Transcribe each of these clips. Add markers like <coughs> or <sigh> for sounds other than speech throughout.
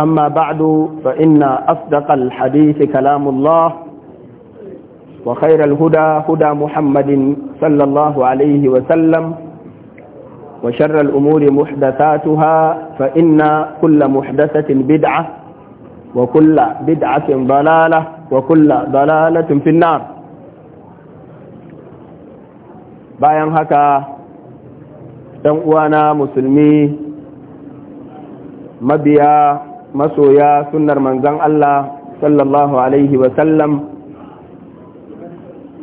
أما بعد فإن أصدق الحديث كلام الله وخير الهدى هدى محمد صلى الله عليه وسلم وشر الأمور محدثاتها فإن كل محدثة بدعة وكل بدعة ضلالة وكل ضلالة في النار bayan haka ɗan uwana musulmi mabiya masoya sunnar manzan Allah sallallahu alaihi wasallam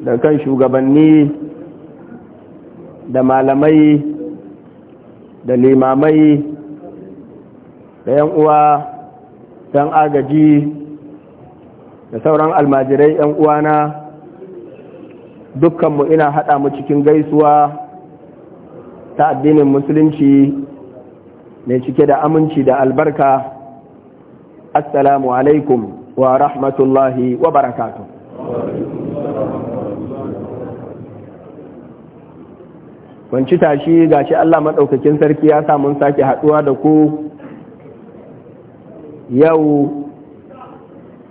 da kan shugabanni da malamai da limamai da yan uwa don agaji da sauran almajirai yan uwana dukkanmu ina haɗa mu cikin gaisuwa ta addinin musulunci mai cike da aminci da albarka assalamu alaikum wa rahmatullahi wa barakatuh kwanci tashi gashi Allah maɗaukakin sarki ya sa mun sake haɗuwa da ku yau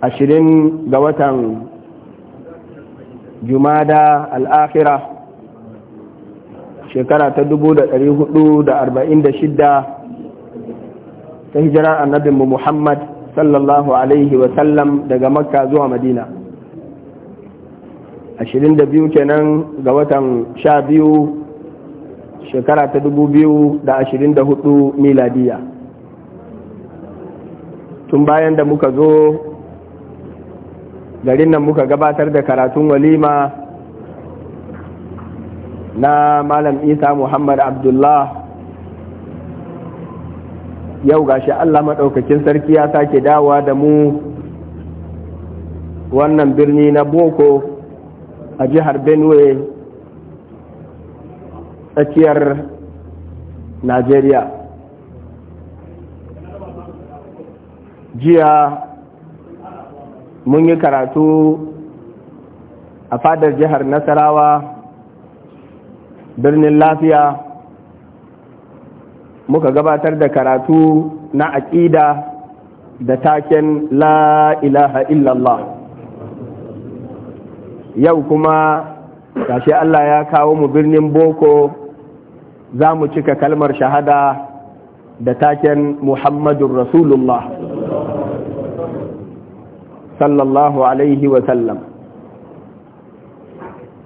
ashirin ga watan jumada al'afira shekara ta dubu da hudu da arba'in shida, ta hijirar annabinmu muhammad sallallahu alaihi wasallam daga makka zuwa madina 22 kenan ga watan 12 shekara ta 2024 miladiya tun bayan da muka zo garin nan muka gabatar da karatun walima na malam isa muhammad abdullah yau gashi Allah maɗaukakin sarki ya sake dawa da mu wannan birni na boko a jihar benue tsakiyar najeriya jiya mun yi karatu a fadar jihar nasarawa birnin lafiya muka gabatar da karatu na aƙida da taken la ilaha illallah yau kuma tashi Allah ya kawo mu birnin boko za mu cika kalmar shahada da taken muhammadun rasulullah sallallahu alaihi wasallam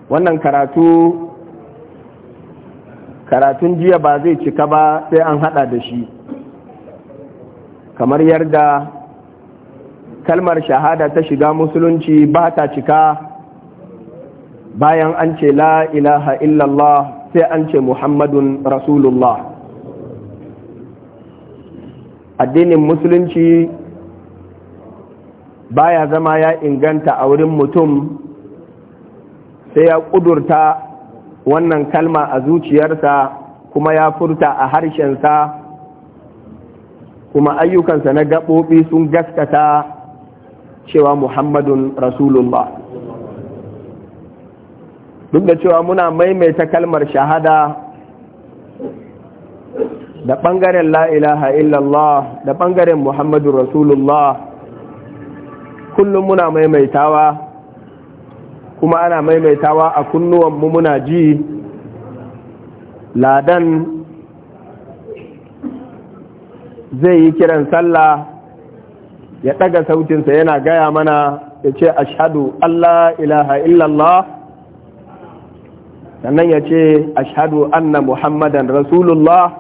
wannan karatu karatun jiya ba zai cika ba sai an hada da shi kamar yarda kalmar shahada ta shiga musulunci ba ta cika bayan an ce la ilaha illallah sai an ce muhammadun rasulullah addinin musulunci baya zama ya inganta a wurin mutum sai ya ƙudurta wannan kalma a zuciyarsa kuma ya furta a harshensa kuma ayyukansa na gaɓoɓi sun gaskata cewa muhammadun rasulullah duk da cewa muna maimaita kalmar shahada da ɓangaren la'ilaha illallah da ɓangaren muhammadun rasulullah kullum muna maimaitawa kuma ana maimaitawa a mu muna ji ladan zai yi kiran sallah ya ɗaga sautinsa yana gaya mana ya ce ashadu Allah ilaha illallah sannan ya ce ashadu anna muhammadan rasulullah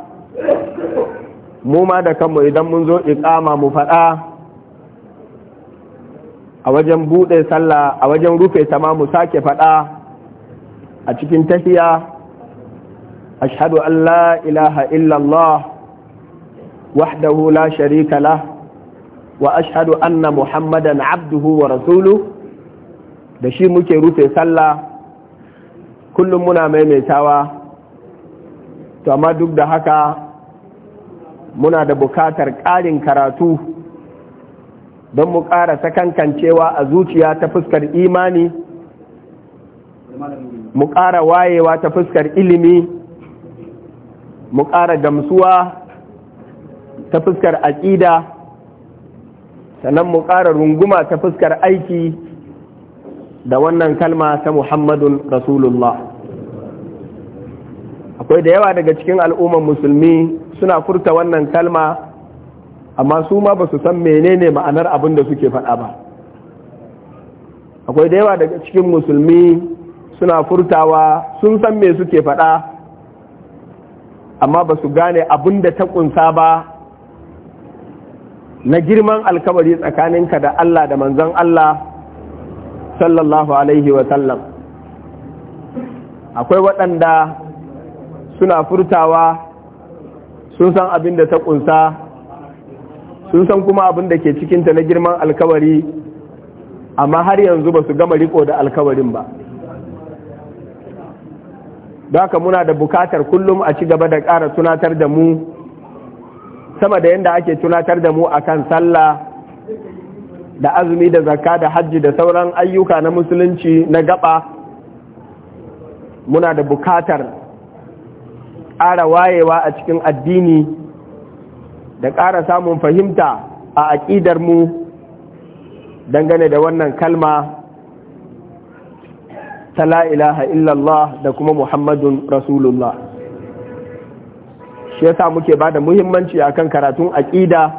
mu ma da kanmu idan mun zo iƙama mu faɗa a wajen buɗe sallah a wajen rufe ta ma mu sake faɗa a cikin tafiya ashadu Allah ilaha illallah wahdahu la sharika lah wa ashadu anna muhammadan abduhu wa rasulu da shi muke rufe sallah kullum muna maimaitawa to amma duk da haka muna da bukatar ƙarin karatu don mu ƙara sakankancewa a zuciya ta fuskar imani mu ƙara wayewa ta fuskar ilimi mu ƙara gamsuwa ta fuskar aƙida sannan mu ƙara runguma ta fuskar aiki da wannan kalma ta muhammadun rasulullah akwai da yawa daga cikin al'ummar musulmi suna furta wannan kalma amma su ma ba su san menene ma'anar abin da suke faɗa ba akwai da yawa daga cikin musulmi suna furtawa sun san me suke faɗa amma ba su gane abin da ta ƙunsa ba na girman alkawari tsakaninka da Allah da manzon Allah sallallahu alaihi wa sallam akwai waɗanda suna furtawa sun san abin da ta ƙunsa sun san kuma abin da ke cikinta na girman alkawari amma har yanzu ba su gama riko da alkawarin ba haka muna da bukatar kullum a ci gaba da ƙara tunatar da mu sama da yadda ake tunatar da mu a kan sallah da azumi da zaka, da hajji da sauran ayyuka na musulunci na gaba muna da bukatar ƙara wayewa a cikin addini da ƙara samun fahimta a aƙidar mu dangane da wannan kalma ta la illallah da kuma muhammadun rasulullah shi yasa muke ba da muhimmanci a kan karatun aƙida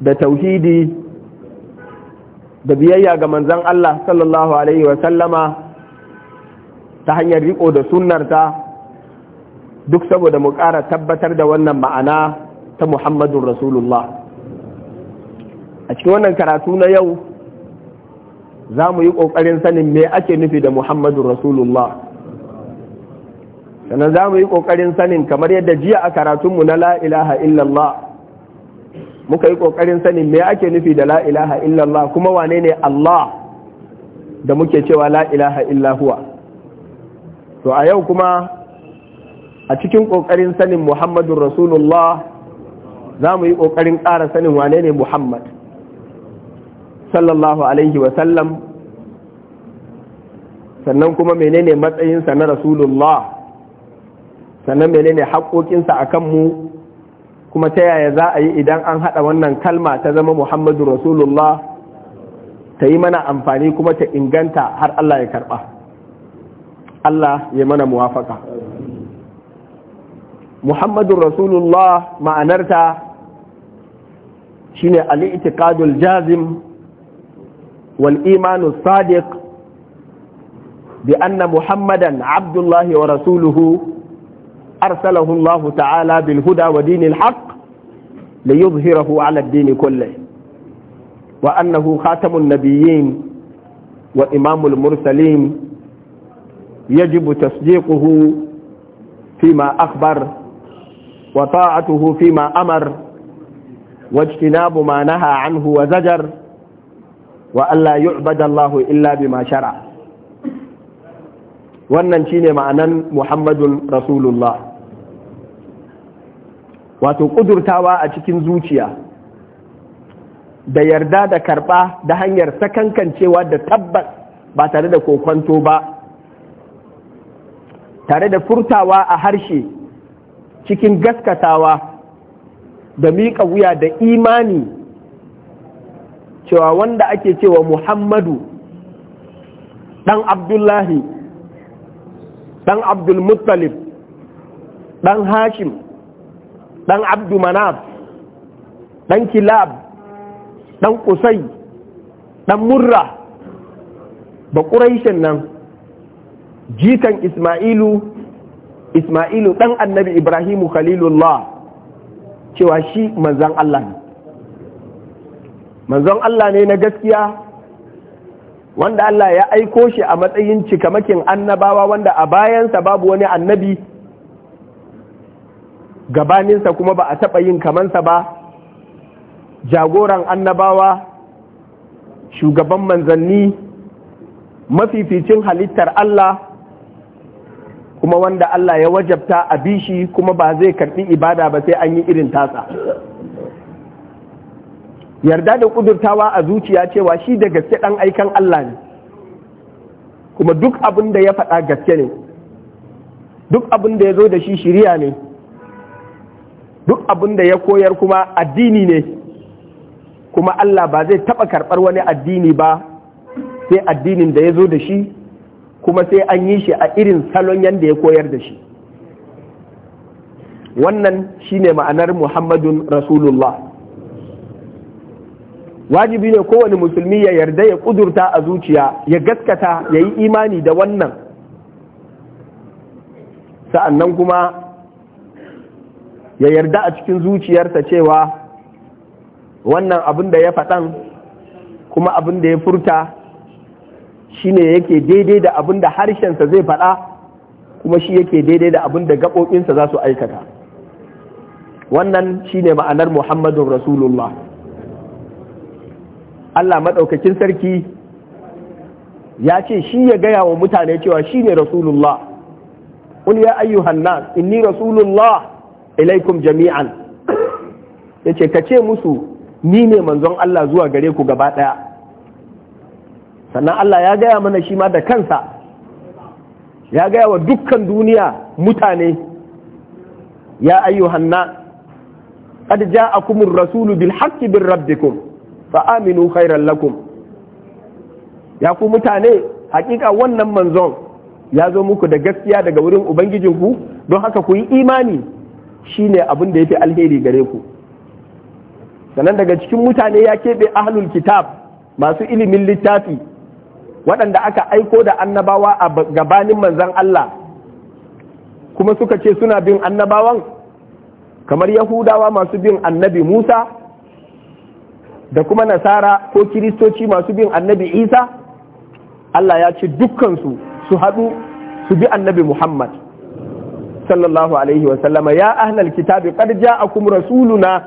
da tauhidi da biyayya ga manzan Allah sallallahu alaihi wasallama ta hanyar riƙo da sunnarta duk saboda mu ƙara tabbatar da wannan ma'ana ta muhammadun rasulullah a cikin wannan karatu na yau za mu yi ƙoƙarin sanin me ake nufi da muhammadun rasulullah sannan za mu yi ƙoƙarin sanin kamar yadda jiya a karatunmu na la ilaha illallah muka yi ƙoƙarin sanin me ake nufi da la ilaha illallah kuma wane ne Allah da muke cewa la ilaha illahuwa to a yau kuma a cikin ƙoƙarin sanin muhammadun rasulullah za mu yi ƙoƙarin ƙara sanin wane ne muhammad sallallahu alaihi wasallam sannan kuma menene matsayinsa na rasulullah sannan menene haƙoƙinsa a kanmu kuma ta yaya za a yi idan an haɗa wannan kalma ta zama muhammadu rasulullah ta yi mana amfani kuma ta inganta har allah ya karɓa allah ya mana muwafaka. محمد رسول الله ما أنرتا شنو الاعتقاد الجازم والايمان الصادق بان محمدا عبد الله ورسوله ارسله الله تعالى بالهدى ودين الحق ليظهره على الدين كله وانه خاتم النبيين وامام المرسلين يجب تصديقه فيما اخبر wa ta'atuhu fi ma amar wa ijtinabu ma naha anhu wa zajar wa alla illa bima shara wannan shine ma'anan Muhammadun Rasulullah wato kudurtawa a cikin zuciya da yarda da karɓa da hanyar sakankancewa da tabbas ba tare da kokwanto ba tare da furtawa a harshe cikin gaskatawa da miƙa wuya da imani cewa wanda ake cewa muhammadu ɗan abdullahi ɗan abdulmuttalib ɗan hashim ɗan abdumanaf ɗan kilab ɗan kusai ɗan murra ba nan jikan ismailu Ismailu ɗan annabi Ibrahimu Khalilullah cewa shi manzan Allah ne. Manzon Allah ne na gaskiya wanda Allah ya aiko shi a matsayin cikamakin annabawa wanda a bayansa babu wani annabi gabaninsa kuma ba a taɓa yin kamansa ba jagoran annabawa shugaban manzanni mafificin halittar Allah kuma wanda Allah ya wajabta a bishi kuma ba zai karɓi ibada ba sai an yi irin tasa yarda da kudurtawa a zuciya cewa shi da gaske ɗan aikan Allah ne kuma duk abin da ya faɗa gaske ne duk abin da ya zo da shi shiriya ne duk abin da ya koyar kuma addini ne kuma Allah ba zai taɓa karɓar wani addini ba sai addinin da ya zo da shi kuma sai an yi shi a irin salon yadda ya koyar da shi wannan shine ma'anar muhammadun rasulullah wajibi ne kowane musulmi ya yarda ya kudurta a zuciya ya gaskata ya yi imani da wannan sa'annan kuma ya yarda a cikin zuciyarsa cewa wannan abin da ya faɗan kuma abin da ya furta shine yake daidai da abin da harshensa zai faɗa kuma shi yake daidai da abin da gaɓoɓinsa za su aikata wannan shine ma'anar muhammadun rasulullah allah maɗaukakin sarki ya ce shi ya gaya wa mutane cewa shi ne rasulullah ƙul ya ayyuhan nas inni rasulullah ilaikum jami'an <coughs> ya ce ka ce musu ni ne manzon allah zuwa gare ku gaba ɗaya sannan Allah ya gaya mana shi ma da kansa ya gaya wa dukkan duniya mutane ya ayyuhanna qad ja'akumur rasulu bil haqqi bir rabbikum fa aminu khairan lakum ya ku mutane hakika wannan manzon ya zo muku da gaskiya daga wurin ubangijinku don haka ku yi imani shine abin da yafi alheri gare ku sannan daga cikin mutane ya keɓe ahlul kitab masu ilimin littafi waɗanda aka aiko da annabawa a gabanin manzan Allah kuma suka ce suna bin annabawan kamar yahudawa masu bin annabi Musa da kuma nasara ko kiristoci masu bin annabi Isa Allah ya ce dukkansu su haɗu su bi annabi Muhammad sallallahu alaihi wasallama ya ahlal kitabi qad ja'akum rasuluna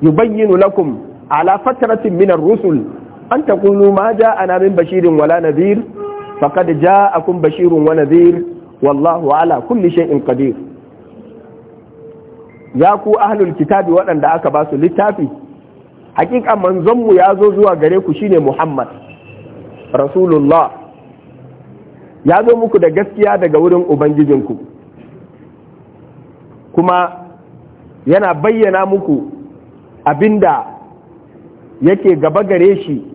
yubayyinu lakum ala fatratin minar rusul an kunu ma a min bashirin wala ja faqad ja'akum bashirun wa nadir wallahu ala kulli shay'in qadir ya ku ahlul kitabi waɗanda aka ba su littafi hakika manzonmu ya zo zuwa gare ku shine muhammad rasulullah ya zo muku da gaskiya daga wurin ubangijinku kuma yana bayyana muku abinda yake gaba gare shi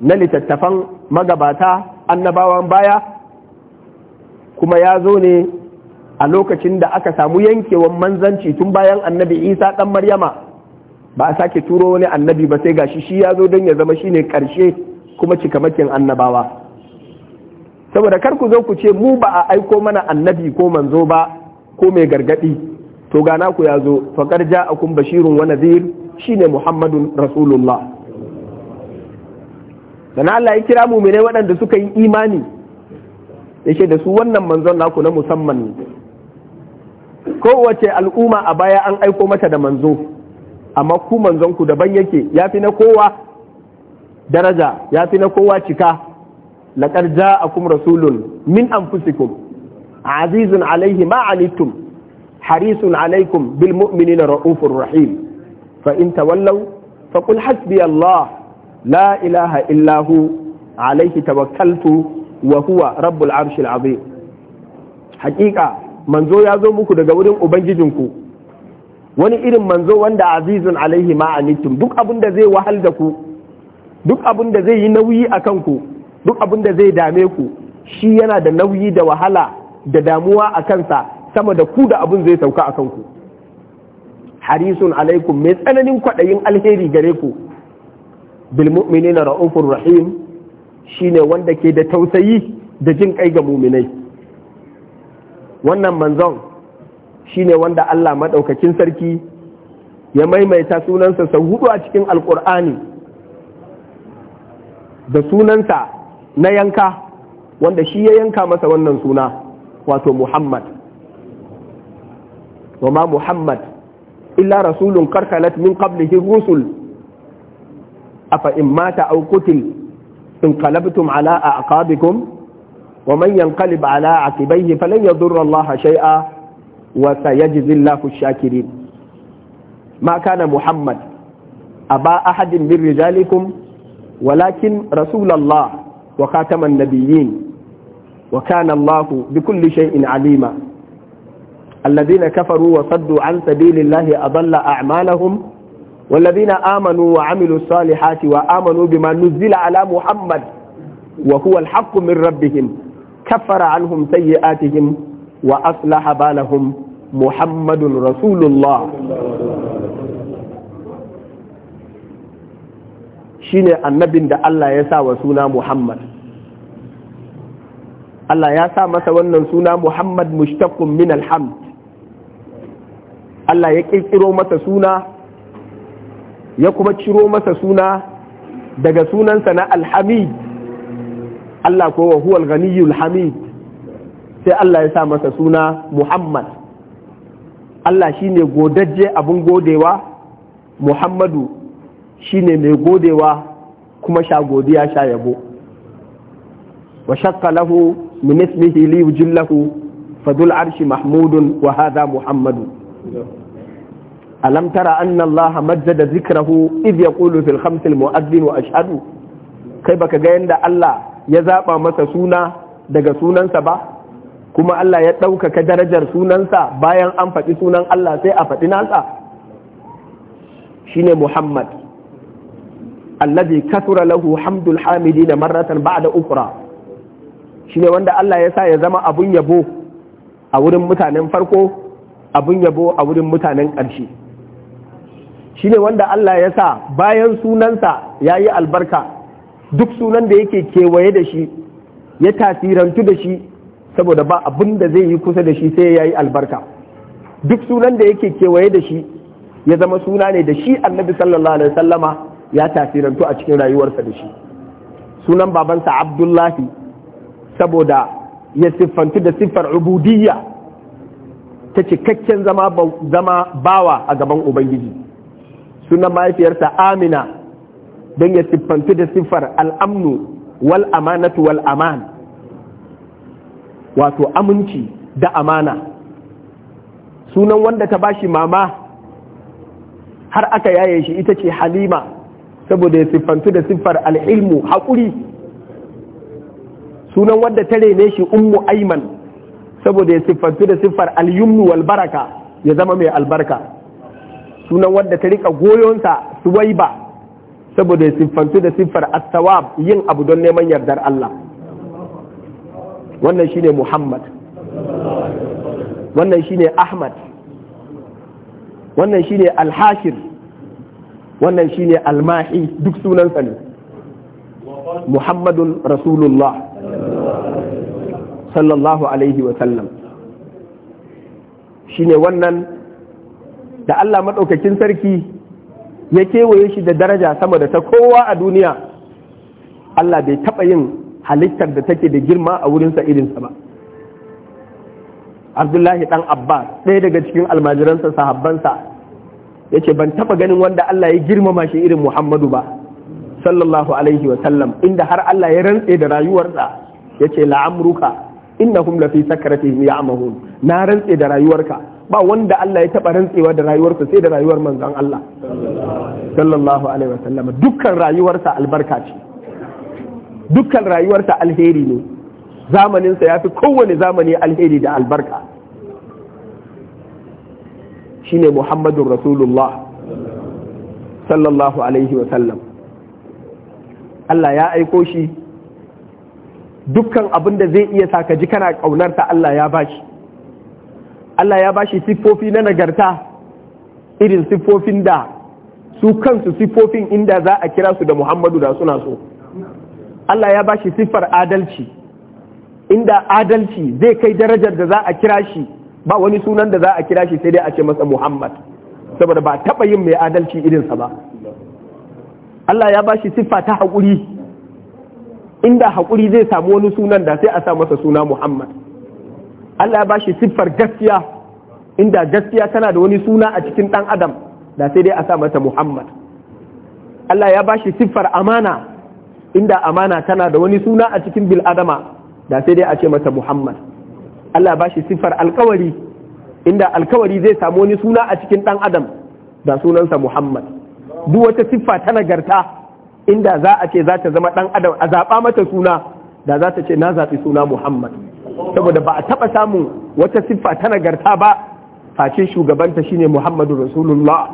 na littattafan magabata annabawan baya kuma ya zo ne a lokacin da aka samu yankewan manzanci tun bayan annabi isa ɗan maryama ba a sake turo wani annabi ba sai gashi shi ya zo don ya zama shine karshe kuma cikamakin annabawa saboda kar ku zo ku ce mu ba a aiko mana annabi ko manzo ba ko mai gargadi to gana ku ya zo faƙar ja'akum bashirun wa nadhir shine muhammadun rasulullah sannan Allah ya kira muminai waɗanda suka yi imani yake da su wannan manzon naku na musamman kowace al'umma a baya an aiko mata da manzo amma ku manzon ku daban yake ya fi na kowa daraja ya fi na kowa cika a ja'akum rasulun min anfusikum azizun alaihi ma harisun alaikum bil mu'minina ra'ufur rahim fa in tawallaw faqul hasbi Allah la ilaha illahu alaihi tawakkaltu wa huwa rabbul arshil azim hakika manzo ya zo muku daga wurin ku. wani irin manzo wanda azizun alaihi ma anittum duk abin da zai wahal da ku duk abin zai yi nauyi a kanku duk abin zai dame ku shi yana da nauyi da wahala da damuwa a kansa sama da ku da abin zai sauka a kanku harisun alaikum mai tsananin kwaɗayin alheri gare ku bil mu'minina ra'ufur rahim ne wanda ke da tausayi da jin kai ga muminai wannan manzon shine wanda Allah madaukakin sarki ya maimaita sunansa sau hudu a cikin alƙur'ani da sunansa na yanka wanda shi ya yanka masa wannan suna wato muhammad wa ma muhammad illa rasulun karkalat min qablihi rusul أفإن مات أو قتل انقلبتم على أعقابكم ومن ينقلب على عقبيه فلن يضر الله شيئا وسيجزي الله الشاكرين ما كان محمد أبا أحد من رجالكم ولكن رسول الله وخاتم النبيين وكان الله بكل شيء عليما الذين كفروا وصدوا عن سبيل الله أضل أعمالهم والذين آمنوا وعملوا الصالحات وآمنوا بما نزل على محمد وهو الحق من ربهم كفر عنهم سيئاتهم وأصلح بالهم محمد رسول الله shine annabin da Allah ya sa wa suna Muhammad Allah ya sa masa wannan suna Muhammad mushtaqqun min alhamd Allah ya ƙirƙiro masa suna ya kuma ciro masa suna daga sunansa na alhamid Allah ko wa huwal ghaniyul hamid sai Allah ya sa masa suna Muhammad Allah shine godaje abun godewa Muhammadu shine mai godewa kuma sha godiya sha yabo wa shakka lahu min ismihi li yujillahu fadul arshi mahmudun wa hadha muhammadu alam tara anna Allah majjada zikrahu id yaqulu fil khams al mu'adhdhin wa ashhadu kai baka ga yanda Allah ya zaba masa suna daga sunansa ba kuma Allah ya ɗaukaka darajar sunansa bayan an faɗi sunan Allah sai a faɗi nasa shine Muhammad alladhi kathura lahu hamdul hamidina marratan ba'da ukhra shine wanda Allah ya sa ya zama abun yabo a wurin mutanen farko abun yabo a wurin mutanen ƙarshe Shi ne wanda Allah ya sa bayan sunansa ya yi albarka duk sunan da yake kewaye da shi ya tasirantu da shi saboda ba abin da zai yi kusa da shi sai ya yi albarka duk sunan da yake kewaye da shi ya zama suna ne da shi annabi sallallahu alaihi sallama ya tasirantu a cikin rayuwarsa da shi sunan babansa abdullahi saboda ya siffantu da siffar ubudiyya ta cikakken zama bawa a gaban ubangiji sunan mahaifiyarsa amina don ya siffanci da siffar al'amnu wal amanatu wal aman wato aminci da amana sunan wanda ta bashi mama har aka yaye shi ita ce halima saboda ya siffantu da siffar al'ilmu haƙuri sunan wanda ta rene shi ummu aiman saboda ya siffantu da siffar al'yumnu wal baraka ya zama mai albarka sunan wanda ta rika goyonsa ba saboda ya siffantu da siffar as-sawab yin abu don neman yardar Allah wannan shine Muhammad wannan shine Ahmad wannan shine Al-Hashir wannan shine Al-Mahi duk sunansa ne Muhammadun Rasulullah sallallahu alaihi wa sallam shine wannan da Allah maɗaukakin sarki ya kewaye shi da daraja sama da ta kowa a duniya Allah bai taɓa yin halittar da take da girma a wurinsa irinsa ba abdullahi ɗan abbas ɗaya daga cikin almajiransa sahabbansa ya ce ban taɓa ganin wanda Allah ya girmama shi irin muhammadu ba sallallahu alaihi wa sallam inda har Allah ya rantse da rayuwarsa ya ce la'amruka innahum lafi sakaratihim ya'mahun na rantse da rayuwarka ba wanda Allah ya taɓa rantsewa da rayuwarsa sai da rayuwar manzon Allah sallallahu alaihi wasallam dukkan rayuwarsa albarka ce dukkan rayuwarsa alheri ne zamaninsa ya fi kowane zamani alheri da albarka shine muhammadun rasulullah sallallahu alaihi wasallam Allah ya aiko shi dukkan abin da zai iya sa ka ji kana ƙaunarta Allah ya bashi Allah ya bashi siffofi na nagarta irin siffofin da su kansu siffofin inda za a kira su da Muhammadu da suna so Allah ya bashi siffar adalci inda adalci zai kai darajar da za a kira shi ba wani sunan da za a kira shi sai dai a ce masa Muhammad saboda ba taɓa yin mai adalci irinsa ba Allah ya bashi siffa ta haƙuri inda haƙuri zai samu wani sunan da sai a sa masa suna Muhammad Allah ya bashi siffar gaskiya inda gaskiya tana da wani suna a cikin ɗan adam da sai dai a sa mata Muhammad Allah ya bashi siffar amana inda amana tana da wani suna a cikin bil adama da sai dai a ce mata Muhammad Allah ya bashi siffar alkawari inda alkawari zai samu wani suna a cikin ɗan adam da sunansa Muhammad duk wata siffa ta nagarta inda za a ce za ta zama ɗan adam a zaɓa mata suna da za ta ce na zaɓi suna Muhammad saboda ba a taɓa samun wata siffa ta nagarta ba face shugabanta shine muhammadu rasulullah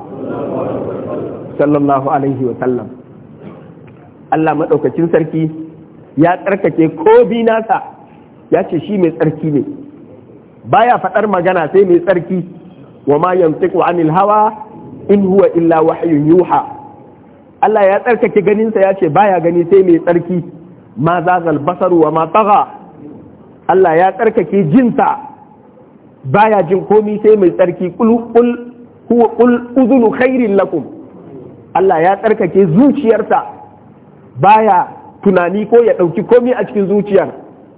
sallallahu alaihi wa sallam allah maɗaukacin sarki ya tsarkake ko bi nasa ya ce shi mai tsarki ne baya faɗar magana sai mai tsarki wa ma yantiqu anil hawa in huwa illa wahyun yuha Allah ya tsarkake ganinsa ya ce baya gani sai mai tsarki ma zagal basaru wa ma tagha Allah ya tsarkake jinsa baya jin komi sai mai tsarki kul huwa uzunu khairin lakum Allah ya tsarkake zuciyarsa baya tunani ko ya ɗauki komi a cikin zuciyar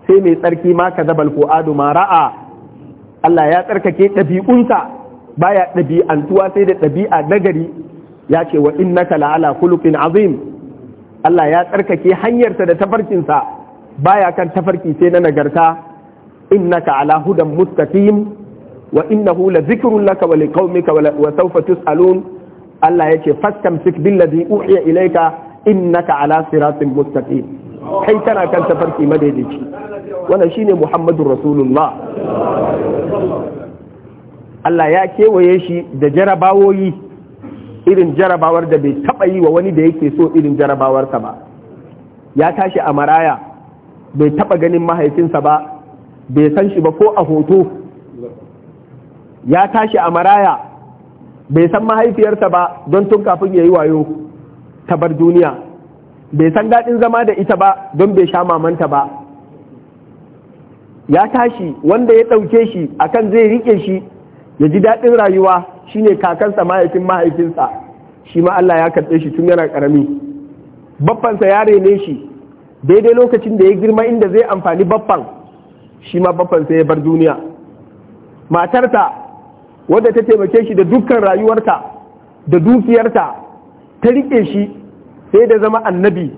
sai mai tsarki ma ka zabal ko adu ma ra'a Allah ya tsarkake ɗabi'unsa baya ɗabi'antuwa sai da ɗabi'a nagari ya ce wa innaka la'ala khuluqin azim Allah ya tsarkake hanyarsa da tafarkinsa baya kan tafarki sai na nagarta innaka ala hudan mustaqim wa innahu la zikrun laka wa liqaumika wa sawfa tusalun Allah yace fastamsik billadhi uhiya ilayka innaka ala siratin mustaqim kai kana kan tafarki madaidaici wannan shine Muhammadur Rasulullah Allah ya kewaye shi da jarabawoyi irin jarabawar da bai taɓa yi wa wani da yake so irin jarabawarsa ba ya tashi a maraya bai taɓa ganin mahaifinsa ba bai san shi ba ko a hoto ya tashi a maraya bai san mahaifiyarsa ba don tun kafin ya yi wayo ta bar duniya bai san daɗin zama da ita ba don bai sha mamanta ba ya tashi wanda ya ɗauke shi akan zai riƙe shi ya ji daɗin rayuwa shine kakansa mahaifin mahaifinsa shi ma Allah ya karɓe shi tun yana ƙarami baffansa ya rene shi daidai lokacin da ya girma inda zai amfani baffan shi ma baffan sai ya bar duniya matarta wadda ta taimake shi da dukkan rayuwarta da dukiyarta ta riƙe shi sai da zama annabi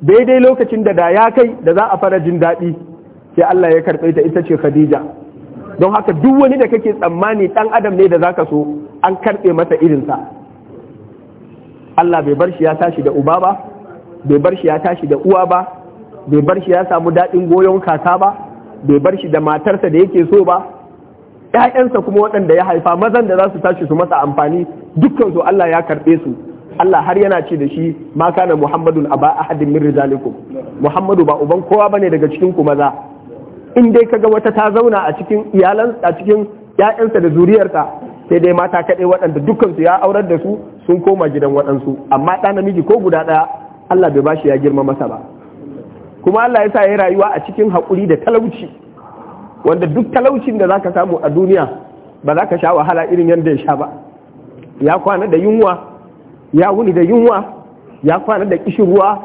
daidai lokacin da da ya kai da za a fara jin daɗi sai Allah ya karɓe ta ita ce Khadija don haka duk wani da kake tsammani ɗan adam ne da zaka so an karɓe masa irinsa Allah bai bar shi ya tashi da uba ba bai bar shi ya tashi da uwa ba bai bar shi ya samu daɗin goyon kasa ba bai bar shi da matarsa da yake so ba ‘ya'yansa kuma waɗanda ya haifa mazan da za su tashi su masa amfani dukkan su Allah ya karɓe su Allah har yana ce da shi ma kana Muhammadun aba ahadin min rijalikum Muhammadu ba uban kowa bane daga cikin ku maza in dai ka ga wata ta zauna a cikin iyalan a cikin ‘ya'yansa da zuriyarsa sai dai mata kaɗai waɗanda dukkan ya aurar da su sun koma gidan waɗansu amma ɗa namiji ko guda ɗaya Allah bai bashi ya girma masa ba kuma Allah ya sa ya rayuwa a cikin haƙuri da talauci wanda duk talaucin da za ka samu a duniya ba za ka sha wahala irin yadda ya sha ba ya kwana da yunwa ya wuni da yunwa ya kwana da kishirwa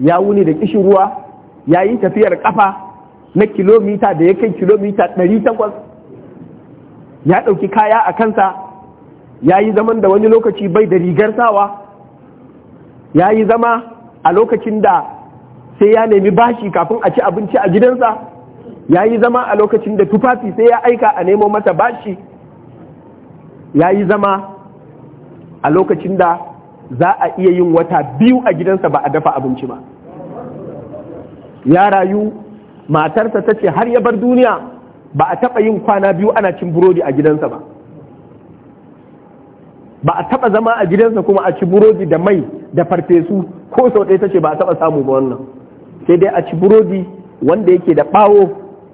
ya wuni da kishirwa ya yi tafiyar kafa na kilomita da ya kai kilomita 800 ya ɗauki kaya a kansa ya yi zaman da wani lokaci bai da rigar sawa ya yi zama a lokacin da sai ya nemi bashi kafin a ci abinci a gidansa ya yi zama a lokacin da tufafi sai ya aika a nemo mata bashi ya yi zama a lokacin da za a iya yin wata biyu a gidansa ba a dafa abinci ba ya rayu matarsa ta ce har ya bar duniya ba a taba yin kwana biyu ana cin burodi a gidansa ba ba a taɓa zama a gidansa kuma a ci burodi da mai da farfesu ko sau ɗaya ta ce ba a taba samu ba wannan sai dai a ci burodi wanda yake da bawo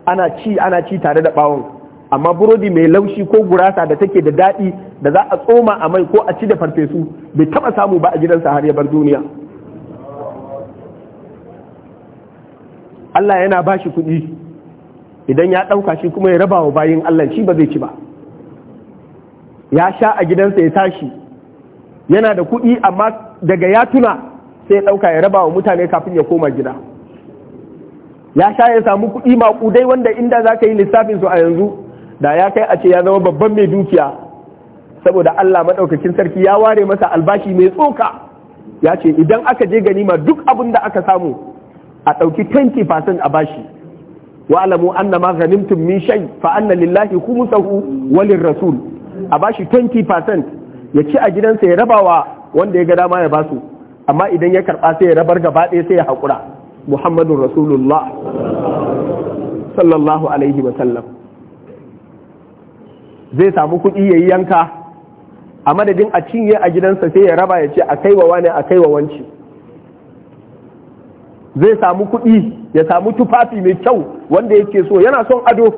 ana ci ana ci tare da bawon amma burodi mai laushi ko gurasa da take da daɗi da za a tsoma a mai ko a ci da farfesu bai taɓa samu ba a gidansa har ya bar duniya Allah yana ba shi kuɗi idan ya ɗauka shi kuma ya rabawa bayin Allah shi ba zai ci ba ya sha a gidansa ya tashi yana da kuɗi amma daga ya tuna sai ya ɗauka ya raba wa mutane kafin ya koma gida. ya sha ya samu kuɗi maƙudai wanda inda za ka yi lissafin su a yanzu da ya kai a ce ya zama babban mai dukiya saboda Allah maɗaukacin sarki ya ware masa albashi mai tsoka ya ce idan aka je gani ma duk abin da aka samu a ɗauki 20% a bashi Wa'alamu alamu anna ma ghanimtum min shay fa anna lillahi khumsahu wa lirrasul a bashi 20% ya ci a gidansa ya rabawa wanda ya ga dama ya basu amma idan ya karɓa sai ya rabar gaba ɗaya sai ya haƙura muhammadun rasulullah sallallahu alaihi wasallam zai samu kuɗi ya yi yanka a madadin a cinye a gidansa sai ya raba ya ce a kaiwa wane a kaiwa wanci zai samu kuɗi ya samu tufafi mai kyau wanda yake so yana son ado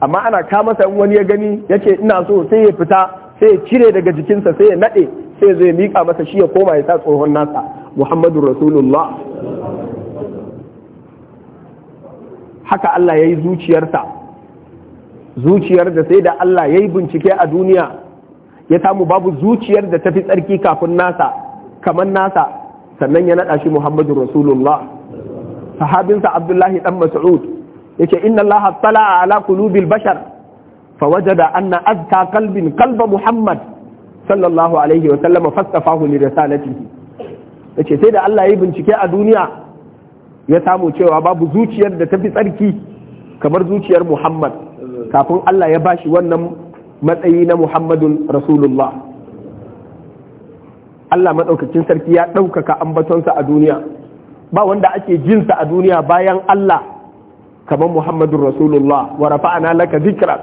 amma ana in wani ya gani ya ce ina so sai ya fita sai ya cire daga jikinsa sai ya naɗe sai zai miƙa masa shi ya koma ya sa tsohon nasa muhammadu rasulullah haka Allah ya yi zuciyarsa zuciyar da sai da Allah ya yi bincike a duniya ya samu babu zuciyar da tafi tsarki kafin nasa kamar nasa sannan ya naɗa shi Muhammadu Rasulullah sahabinsa Abdullahi dan Mas'ud yace inna Allah tala'a ala qulubil bashar fawajada anna azka kalbin kalba Muhammad sallallahu alaihi wa sallama fastafahu li risalatihi yace sai da Allah ya yi bincike a duniya ya samu cewa babu zuciyar da ta fi tsarki kamar zuciyar muhammad kafin allah ya bashi wannan matsayi na muhammadun rasulullah allah maɗaukakin sarki ya ɗaukaka ambatonsa a duniya ba wanda ake jinsa a duniya bayan allah kamar muhammadun rasulullah wa rafa'ana laka zikra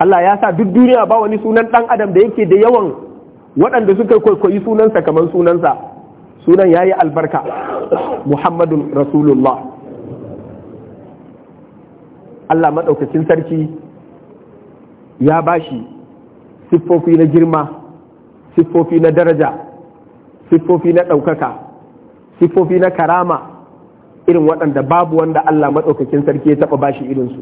allah ya sa duk duniya ba wani sunan ɗan adam da yake da yawan waɗanda suka kwaikwayi sunansa kamar sunansa sunan ya yi albarka muhammadun rasulullah Allah maɗaukacin sarki ya bashi siffofi na girma siffofi na daraja siffofi na ɗaukaka siffofi na karama irin waɗanda babu wanda Allah maɗaukakin sarki ya taɓa ba shi irinsu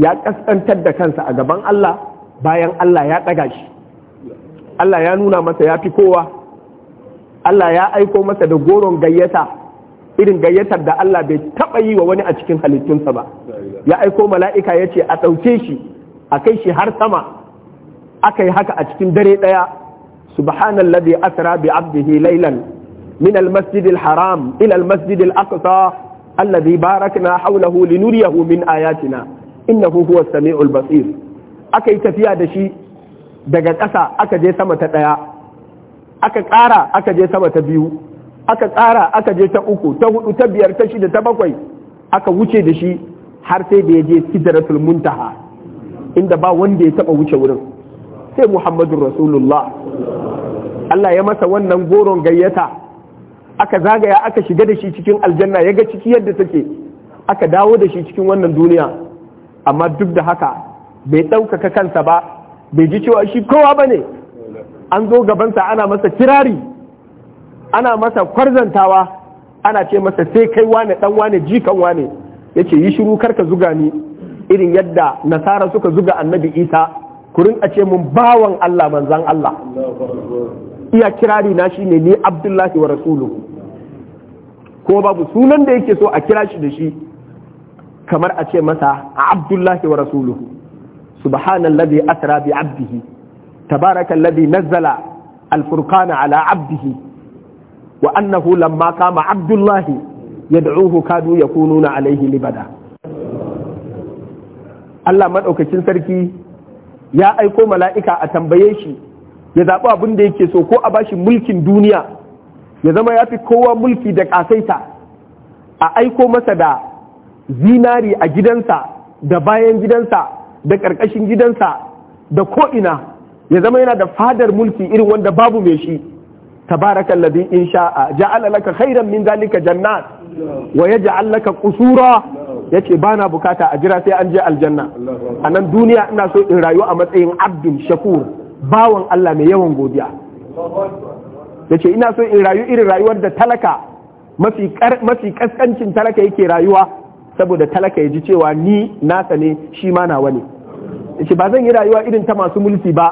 ya ƙasƙantar da kansa a gaban Allah bayan Allah ya ɗaga shi Allah ya nuna masa ya fi kowa Allah ya aiko masa da goron gayyata irin gayyatar da Allah bai taɓa yi wa wani a cikin halittunsa ba ya aiko mala'ika ya ce a ɗauke shi a kai shi har sama aka yi haka a cikin dare ɗaya subhanalladhi asra bi abdihi laylan min almasjidil haram ila almasjidil aqsa alladhi barakna hawlahu linuriyahu min ayatina innahu huwa samiul basir aka yi tafiya da shi daga ƙasa aka je sama ta ɗaya aka ƙara aka je sama ta biyu aka ƙara aka je ta uku ta hudu ta biyar ta shida ta bakwai aka wuce da shi har sai da ya je sidratul muntaha inda ba wanda ya taba wuce wurin sai muhammadun rasulullah Allah ya masa wannan goron gayyata aka zagaya aka shiga da shi cikin aljanna ya ga ciki yadda take aka dawo da shi cikin wannan duniya amma duk da haka bai ɗaukaka kansa ba bai ji cewa shi kowa ba ne an zo gabansa ana masa kirari ana masa kwarzantawa ana ce masa sai kai wane dan wane jikan wane yace yi shiru karka zuga ni irin yadda nasara suka zuga annabi isa kurin a ce mun bawan Allah manzan Allah iya kirari na shine ni abdullahi wa rasuluhu ko babu sunan da yake so a kira shi da shi kamar a ce masa abdullahi wa rasuluhu subhanallazi asra bi abdihi tabaraka alladhi nazzala al ala abdihi wa annahu lamma kama abdullahi ya kadu yakununa alaihi libada Allah maɗaukacin sarki ya aiko mala'ika a tambaye shi ya zaɓi abin da yake so ko a bashi mulkin duniya ya zama ya fi kowa mulki da ƙasaita a aiko masa da zinari a gidansa da bayan gidansa da ƙarƙashin gidansa da ko'ina ya zama yana da fadar mulki irin wanda babu mai shi baraka ladhi in sha'a ja'ala laka khairan min zalika jannat wa yaj'al laka qusura yace bana bukata a jira sai an je aljanna anan duniya ina so in rayu a matsayin abdul shakur bawan Allah mai yawan godiya yace ina so in rayu irin rayuwar da talaka mafi mafi kaskancin talaka yake rayuwa saboda talaka ya ji cewa ni nasa ne shi ma nawa ne yace ba zan yi rayuwa irin ta masu mulki ba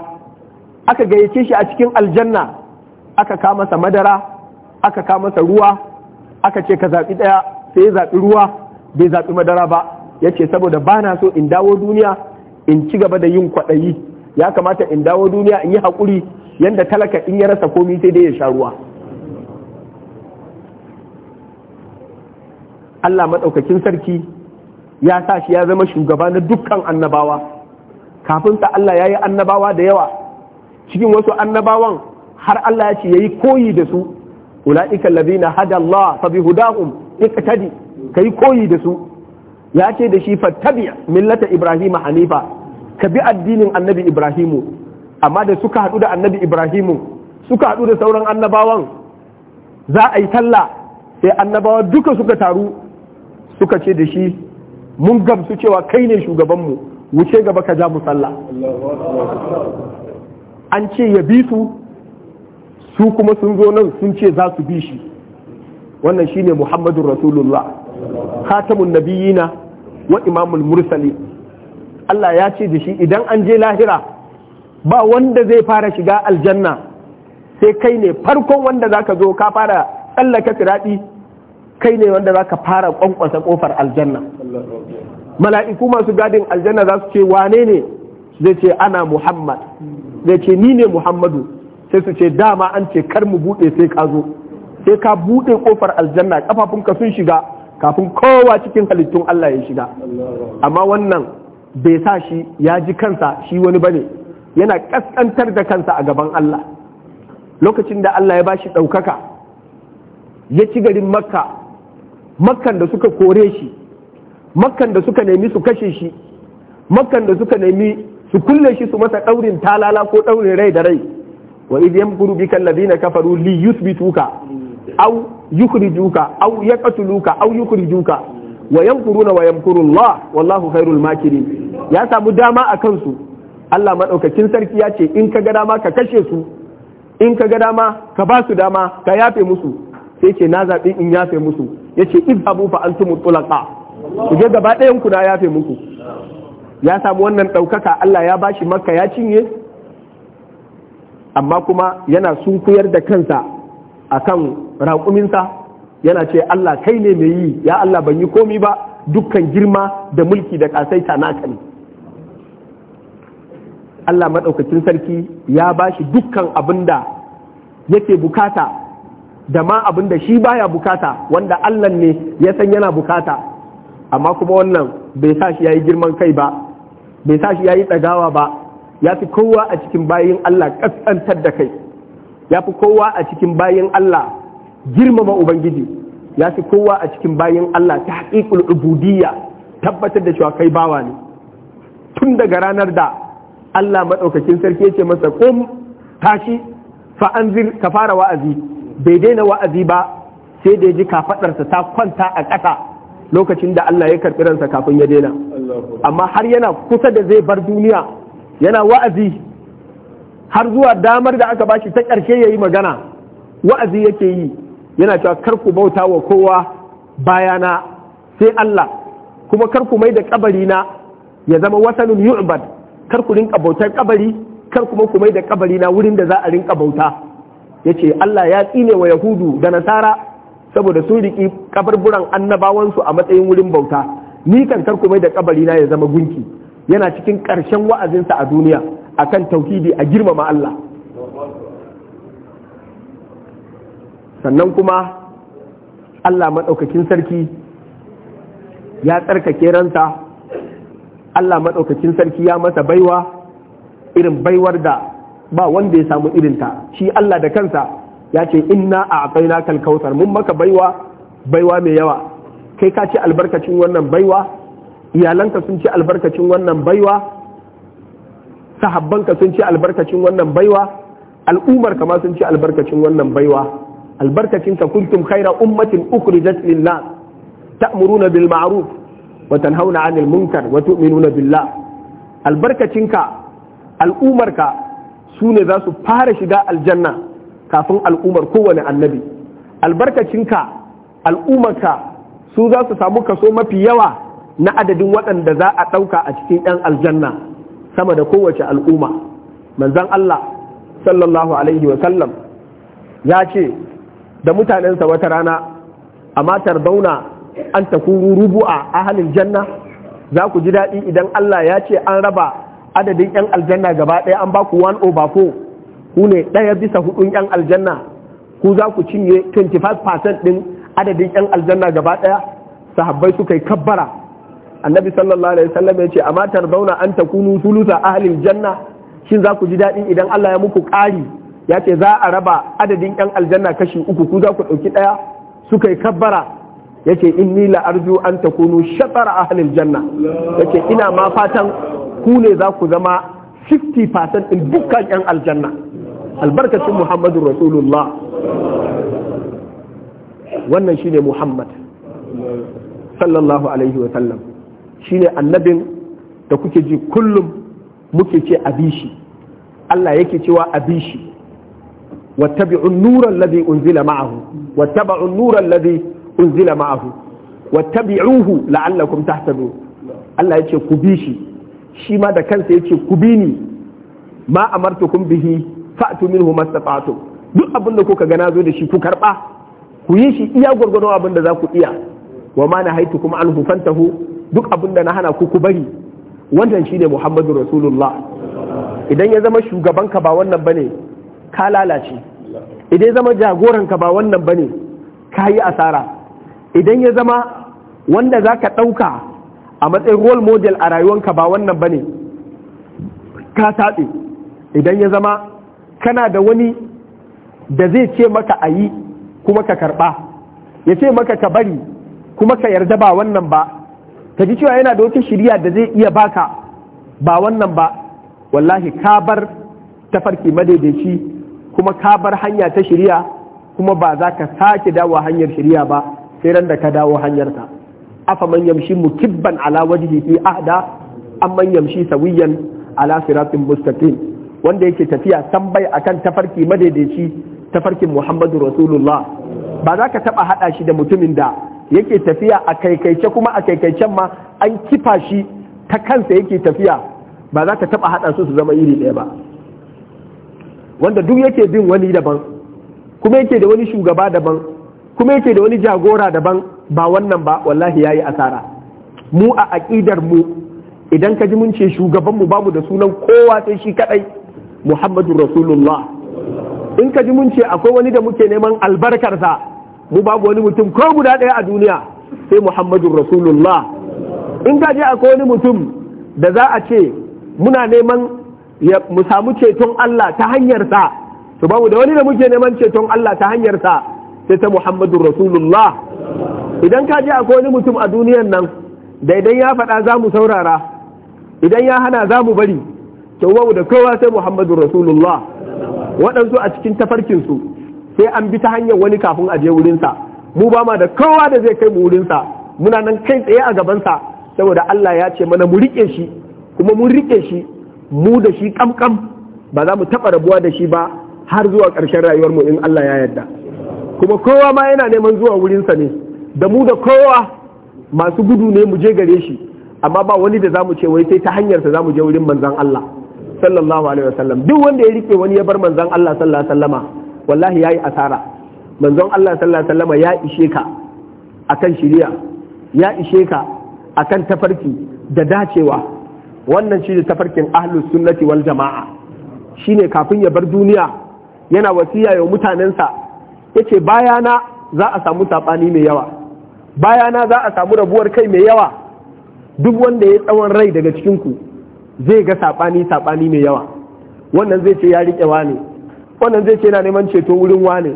aka gayyace shi a cikin aljanna aka ka masa madara aka ka masa ruwa aka ce ka zaɓi ɗaya sai ya zaɓi ruwa bai zaɓi madara ba ya ce saboda ba na so in dawo duniya in ci gaba da yin kwaɗayi ya kamata in dawo duniya in yi haƙuri yadda talaka in ya rasa komi sai dai ya sha ruwa Allah maɗaukakin sarki ya sa shi ya zama shugaba na dukkan annabawa kafin sa Allah ya yi annabawa da yawa cikin wasu annabawan har Allah ya ce yayi koyi da su ulaika alladhina hada Allah fa bihudahum iqtadi kai koyi da su ya ce da shi fattabi millata Ibrahim hanifa ka bi addinin annabi Ibrahimu amma da suka haɗu da annabi Ibrahimu suka haɗu da sauran annabawan za a yi talla sai annabawa duka suka taru suka ce da shi mun gamsu cewa kai ne shugabanmu wuce gaba ka ja mu sallah an ce ya bi su su kuma sun zo nan sun ce za su bi shi wannan shine muhammadu rasulullah khatamun nabiyina wa imamul mursali Allah ya ce da shi idan an je lahira ba wanda zai fara shiga aljanna sai kai ne farkon wanda za ka zo ka fara tsallaka firaɗi kai ne wanda za ka fara ƙwanƙwasa ƙofar aljanna mala'iku masu gadin aljanna za su ce wane ne zai ce ana muhammad zai ce ni ne muhammadu sai su ce dama an ce kar mu buɗe sai ka zo sai ka buɗe kofar aljanna ka sun shiga kafin kowa cikin halittun Allah ya shiga amma wannan bai sa shi ya ji kansa shi wani bane yana kaskantar da kansa a gaban Allah lokacin da Allah ya ba shi ɗaukaka ya ci garin makka makkan da suka kore shi makkan da suka nemi su kashe shi makkan da suka nemi su kulle shi su masa ɗaurin talala ko ɗaurin rai da rai wa idh yamkuru bika alladhina kafaru li yuthbituka aw yukhrijuka aw yaqtuluka aw yukhrijuka wa yamkuruna wa yamkuru Allah wallahu khairul makirin ya samu dama a kansu Allah madaukakin sarki ya ce in ka ga dama ka kashe su in ka ga dama ka ba su dama ka yafe musu sai ce na zaɓi in yafe musu ya ce idhabu fa antum tulaqa ku je gaba ɗayan ku na yafe muku ya samu wannan ɗaukaka Allah ya bashi makka ya cinye amma kuma yana sunkuyar da kansa a kan raƙuminsa yana ce Allah kai ne mai yi ya Allah ban yi komi ba dukkan girma da mulki da ƙasaita naka ne Allah maɗaukacin sarki ya bashi dukkan abin da yake bukata da ma abin da shi baya bukata wanda Allah ne ya san yana bukata amma kuma wannan bai sa shi yayi girman kai ba bai sa shi yayi tsagawa ba ya fi kowa a cikin bayin Allah kaskantar da kai ya fi kowa a cikin bayin Allah girmama ubangiji ya fi kowa a cikin bayin Allah ta haƙiƙul ubudiyya tabbatar da cewa kai bawa ne tun daga ranar da Allah maɗaukakin sarki ya ce masa kum tashi fa anzir ka fara wa'azi bai daina wa'azi ba sai da ya ji kafaɗarsa ta kwanta a ƙasa lokacin da Allah ya karɓi ransa kafin ya daina amma har yana kusa da zai bar duniya yana wa'azi har zuwa damar da aka bashi ta ƙarshe ya yi magana wa'azi yake yi yana cewa kar ku bauta wa kowa bayana sai Allah kuma karku mai da kabari na ya zama wasanin yu'bad kar rinka bautar kabari kar kuma ku mai da kabari na wurin da za a rinka bauta yace Allah ya tsine wa yahudu da nasara saboda sun riƙi kabarburan annabawansu a matsayin wurin bauta ni kan kar mai da kabari na ya zama gunki yana cikin ƙarshen wa'azinsa a duniya akan tauhidi a girmama Allah sannan kuma Allah maɗaukakin sarki ya tsarkake ransa Allah maɗaukakin sarki ya masa baiwa irin baiwar da ba wanda ya samu irinta shi Allah da kansa ya ce inna a afaina kal kautsar mun maka baiwa baiwa mai yawa kai ka ci albarkacin wannan baiwa iyalanka sun ci albarkacin wannan baiwa sahabbanka sun ci albarkacin wannan baiwa al'ummar ma sun ci albarkacin wannan baiwa albarkacinka kuntum khaira ummatin ukhrijat lillah ta'muruna bil ma'ruf wa tanhauna 'anil munkar wa tu'minuna billah albarkacinka al'umarka su ne za su fara shiga aljanna kafin al'ummar kowane annabi albarkacinka al'ummarka su za su samu kaso mafi yawa na adadin waɗanda za a ɗauka a cikin 'yan aljanna sama da kowace al'umma manzan Allah sallallahu alaihi wasallam ya ce da mutanensa wata rana a matar zauna an takuru rubu'a a halin janna za ku ji daɗi idan Allah ya ce an raba adadin 'yan aljanna gaba ɗaya an ba ku 1 over four. ku ne ɗaya bisa hudun yan aljanna ku za ku cinye 25% ɗin adadin yan aljanna gaba ɗaya sahabbai suka yi kabbara annabi sallallahu alaihi wasallam ya ce amma zauna an ta kunu sulusa ahlil janna shin za ku ji daɗi idan Allah ya muku ƙari ya ce za a raba adadin yan aljanna kashi uku ku za ku ɗauki ɗaya suka yi kabbara ce inni la arju an ta takunu shatara ahlil janna ce ina ma fatan ku ne za ku zama 50% ɗin dukkan yan aljanna albarkacin muhammadun rasulullah wannan shine muhammad sallallahu alaihi wa sallam shine annabin da kuke ji kullum muke ce abishi Allah yake cewa abishi wattabi'un nuran alladhi unzila ma'ahu wattaba'un nura alladhi unzila ma'ahu wattabi'uhu la'allakum tahtadun Allah yace ku bi shi shi ma da kansa ce ku bini ni ma amartukum bihi fa'tu minhu mastata'tum duk abin da kuka gana zo da shi ku karba ku yi shi iya gwargwadon abin da za ku iya wa ma na haitu kuma an hufantahu duk abin da na hana ku ku bari wannan shine Muhammadu Rasulullah idan ya zama shugabanka ba wannan bane ka lalace idan ya zama jagoranka ba wannan bane ka yi asara idan ya zama wanda za ka ɗauka a matsayin role model a rayuwanka ba wannan bane ka taɓe idan ya zama kana da wani da zai ce maka a yi kuma ka karɓa ya ce maka ka bari kuma ka yarda ba wannan ba ka ji cewa yana da wata shirya da zai iya baka ba wannan ba wallahi ka bar tafarki madaidaici kuma ka bar hanya ta shirya kuma ba za ka sake dawo hanyar shirya ba sai ran da ka dawo hanyarka afa man yamshi mukibban ala wajhihi ahda amman yamshi sawiyan ala siratin mustaqim wanda yake tafiya tambai akan tafarki madaidaici tafarkin Muhammadu Rasulullah ba za ka taba hada shi da mutumin da yake tafiya a kaikaice kuma a kaikaicen ma an kifa shi ta kansa yake tafiya ba za ka taba hada su su zama iri ɗaya ba wanda duk yake bin wani daban kuma yake da wani shugaba daban kuma yake da wani jagora daban ba wannan ba wallahi yayi asara mu a aƙidar mu idan ka ji mun ce shugabanmu mu da sunan kowa sai shi kaɗai. muhammadun rasulullah in ka ji mun ce akwai wani da muke neman albarkarsa mu babu wani mutum ko guda ɗaya a duniya sai muhammadun rasulullah in ka ji akwai wani mutum da za a ce muna neman mu samu ceton Allah ta hanyarsa to babu da wani da muke neman ceton Allah ta hanyarsa sai ta muhammadun rasulullah idan ka ji akwai wani mutum a duniyan nan da idan ya faɗa za mu saurara idan ya hana za mu bari to mu da kowa sai muhammadu rasulullah waɗansu a cikin tafarkinsu sai an bi ta hanyar wani kafin a je wurinsa mu ba ma da kowa da zai kai mu wurinsa muna nan kai tsaye a gabansa saboda Allah ya ce mana mu rike shi kuma mun riƙe shi mu da shi kamkam ba za mu taɓa rabuwa da shi ba har zuwa ƙarshen rayuwar mu in Allah ya yarda kuma kowa ma yana neman zuwa wurinsa ne da mu da kowa masu gudu ne mu je gare shi amma ba wani da za mu ce wai sai ta hanyarsa za mu je wurin manzon Allah sallallahu alaihi wasallam duk wanda ya rike wani ya bar manzon Allah sallallahu alaihi wasallama wallahi yayi asara manzon Allah sallallahu alaihi wasallama ya ishe ka akan shiriya ya ishe ka akan tafarki da dacewa wannan shi ne tafarkin ahlus sunnati wal jamaa shine kafin ya bar duniya yana wasiya ya mutanensa yace bayana za a samu sabani mai yawa bayana za a samu rabuwar kai mai yawa duk wanda ya tsawon rai daga cikin ku zai ga saɓani saɓani mai yawa wannan zai ce ya riƙe wane wannan zai ce yana neman ceto wurin wane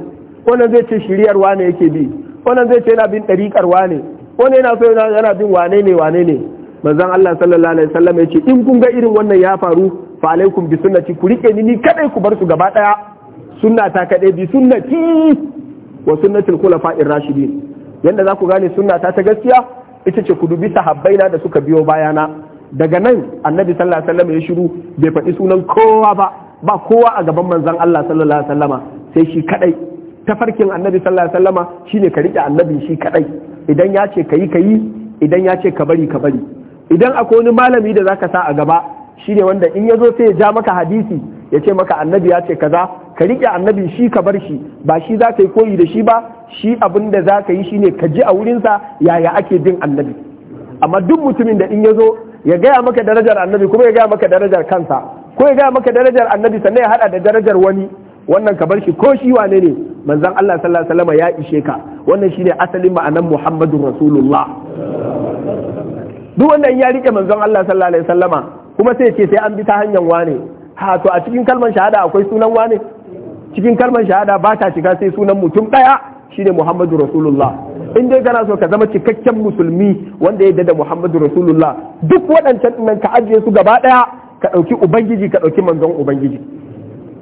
wannan zai ce shiryar wane yake bi wannan zai ce yana bin ɗariƙar wane wani yana so yana bin wane ne wane ne manzon Allah sallallahu alaihi wasallam ya ce in kun ga irin wannan ya faru fa alaikum bi sunnati ku rike ni ni kadai ku bar su gaba daya sunna ta kadai bi sunnati wa sunnatul khulafa'ir rashidin yanda za ku gane sunna ta ta gaskiya ita ce ku dubi sahabbaina da suka biyo bayana daga nan annabi sallallahu alaihi wasallam ya shiru bai faɗi sunan kowa ba ba kowa a gaban manzon Allah sallallahu alaihi wasallama sai shi kadai tafarkin annabi sallallahu alaihi wasallama shine ka rike annabi shi kadai idan ya ce kayi kayi idan ya ce ka bari ka bari idan akwai wani malami da zaka sa a gaba shine wanda in ya zo sai ya ja maka hadisi ya ce maka annabi ya ce kaza ka rike annabi shi ka bar shi ba shi za ka yi koyi da shi ba shi abin da za ka yi shine ka ji a wurinsa yaya ake jin annabi amma duk mutumin da in ya zo ya gaya maka darajar annabi kuma ya gaya maka darajar kansa ko ya gaya maka darajar annabi sannan ya hada da darajar wani wannan ka bar shi ko shi wane ne manzon Allah sallallahu alaihi wasallam ya ishe ka wannan shine asalin ma'anan Muhammadur Rasulullah duk wannan ya rike manzon Allah sallallahu alaihi wasallama kuma sai ce sai an bi ta hanyar wane ha to a cikin kalmar shahada akwai sunan wane cikin kalmar shahada ba ta shiga sai sunan mutum daya shine Muhammadu Rasulullah in dai kana so ka zama cikakken musulmi wanda ya da Muhammadu Rasulullah duk waɗancan nan ka ajiye su gaba ɗaya ka ɗauki ubangiji ka ɗauki manzon ubangiji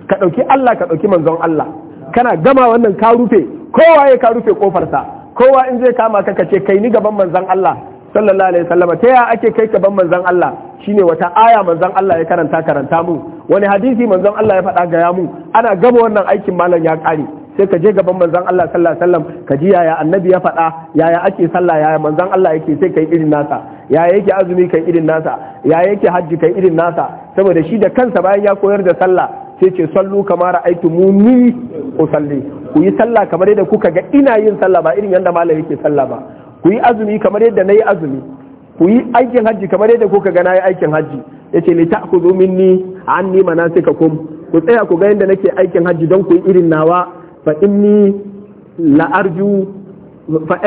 ka ɗauki Allah ka ɗauki manzon Allah kana gama wannan ka rufe kowa ya ka rufe kofarsa kowa in zai kama ka kace kai ni gaban manzon Allah sallallahu alaihi wasallam ta ya ake kai gaban manzon Allah shine wata aya manzon Allah ya karanta karanta mu wani hadisi manzon Allah ya faɗa ga mu ana gama wannan aikin malam ya ƙare sai ka je gaban manzon Allah sallallahu alaihi wasallam ka ji yaya annabi ya faɗa yaya ake sallah yaya manzon Allah yake sai kai irin nasa yaya yake azumi kai irin nasa yaya yake hajji kai irin nasa saboda shi da kansa bayan ya koyar da sallah sai ce sallu kamar aitu muni usalli ku yi sallah kamar yadda kuka ga ina yin sallah ba irin yadda malam yake sallah ba ku yi azumi kamar yadda nayi azumi ku yi aikin hajji kamar yadda kuka ga nayi aikin hajji yace li ta'khudhu minni anni manasikakum ku tsaya ku ga yadda nake aikin hajji don ku irin nawa fa inni la arju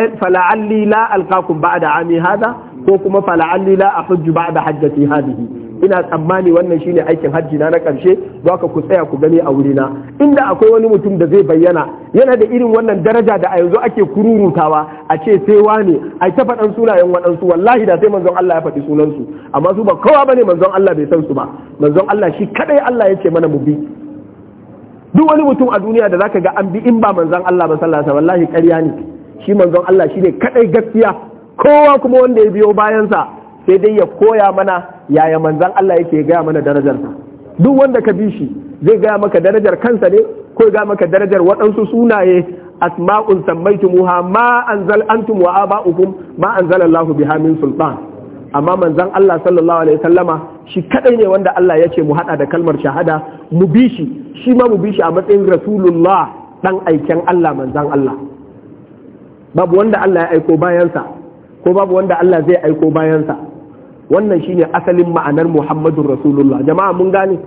eh, fa la'alli la alqakum ba'da ami hada ko kuma fa la'alli la ahujju da hajjati hadhihi ina tsammani wannan shine aikin hajji na na karshe don ku tsaya ku gani a wurina inda akwai wani mutum da zai bayyana yana da irin wannan daraja da a yanzu ake kururutawa a ce sai wane a ta faɗan sunayen waɗansu wallahi da sai manzon Allah ya faɗi sunansu amma su ba kowa bane manzon Allah bai san su ba manzon Allah shi kadai Allah ya ce mana mu bi duk wani mutum a duniya da zaka ga an bi in ba manzon Allah ba sallallahu alaihi wallahi ƙarya ne shi manzon Allah ne kadai gaskiya kowa kuma wanda ya biyo bayansa sai dai ya koya mana yaya manzan Allah yake gaya mana darajar darajarsa duk wanda ka bi shi zai gaya maka darajar kansa ne ko ga maka darajar waɗansu sunaye asma'un sammaitumuha ma anzal antum wa aba'ukum ma anzalallahu bihamin biha min sultan amma manzan Allah sallallahu alaihi wasallama shi kadai ne wanda Allah ya ce mu hada da kalmar shahada mu bi shi shi ma mu bi shi a matsayin rasulullah dan aiken Allah manzan Allah babu wanda Allah ya aiko bayansa ko babu wanda Allah zai aiko bayansa wannan shine asalin ma'anar Muhammadur Rasulullah jama'a mun gane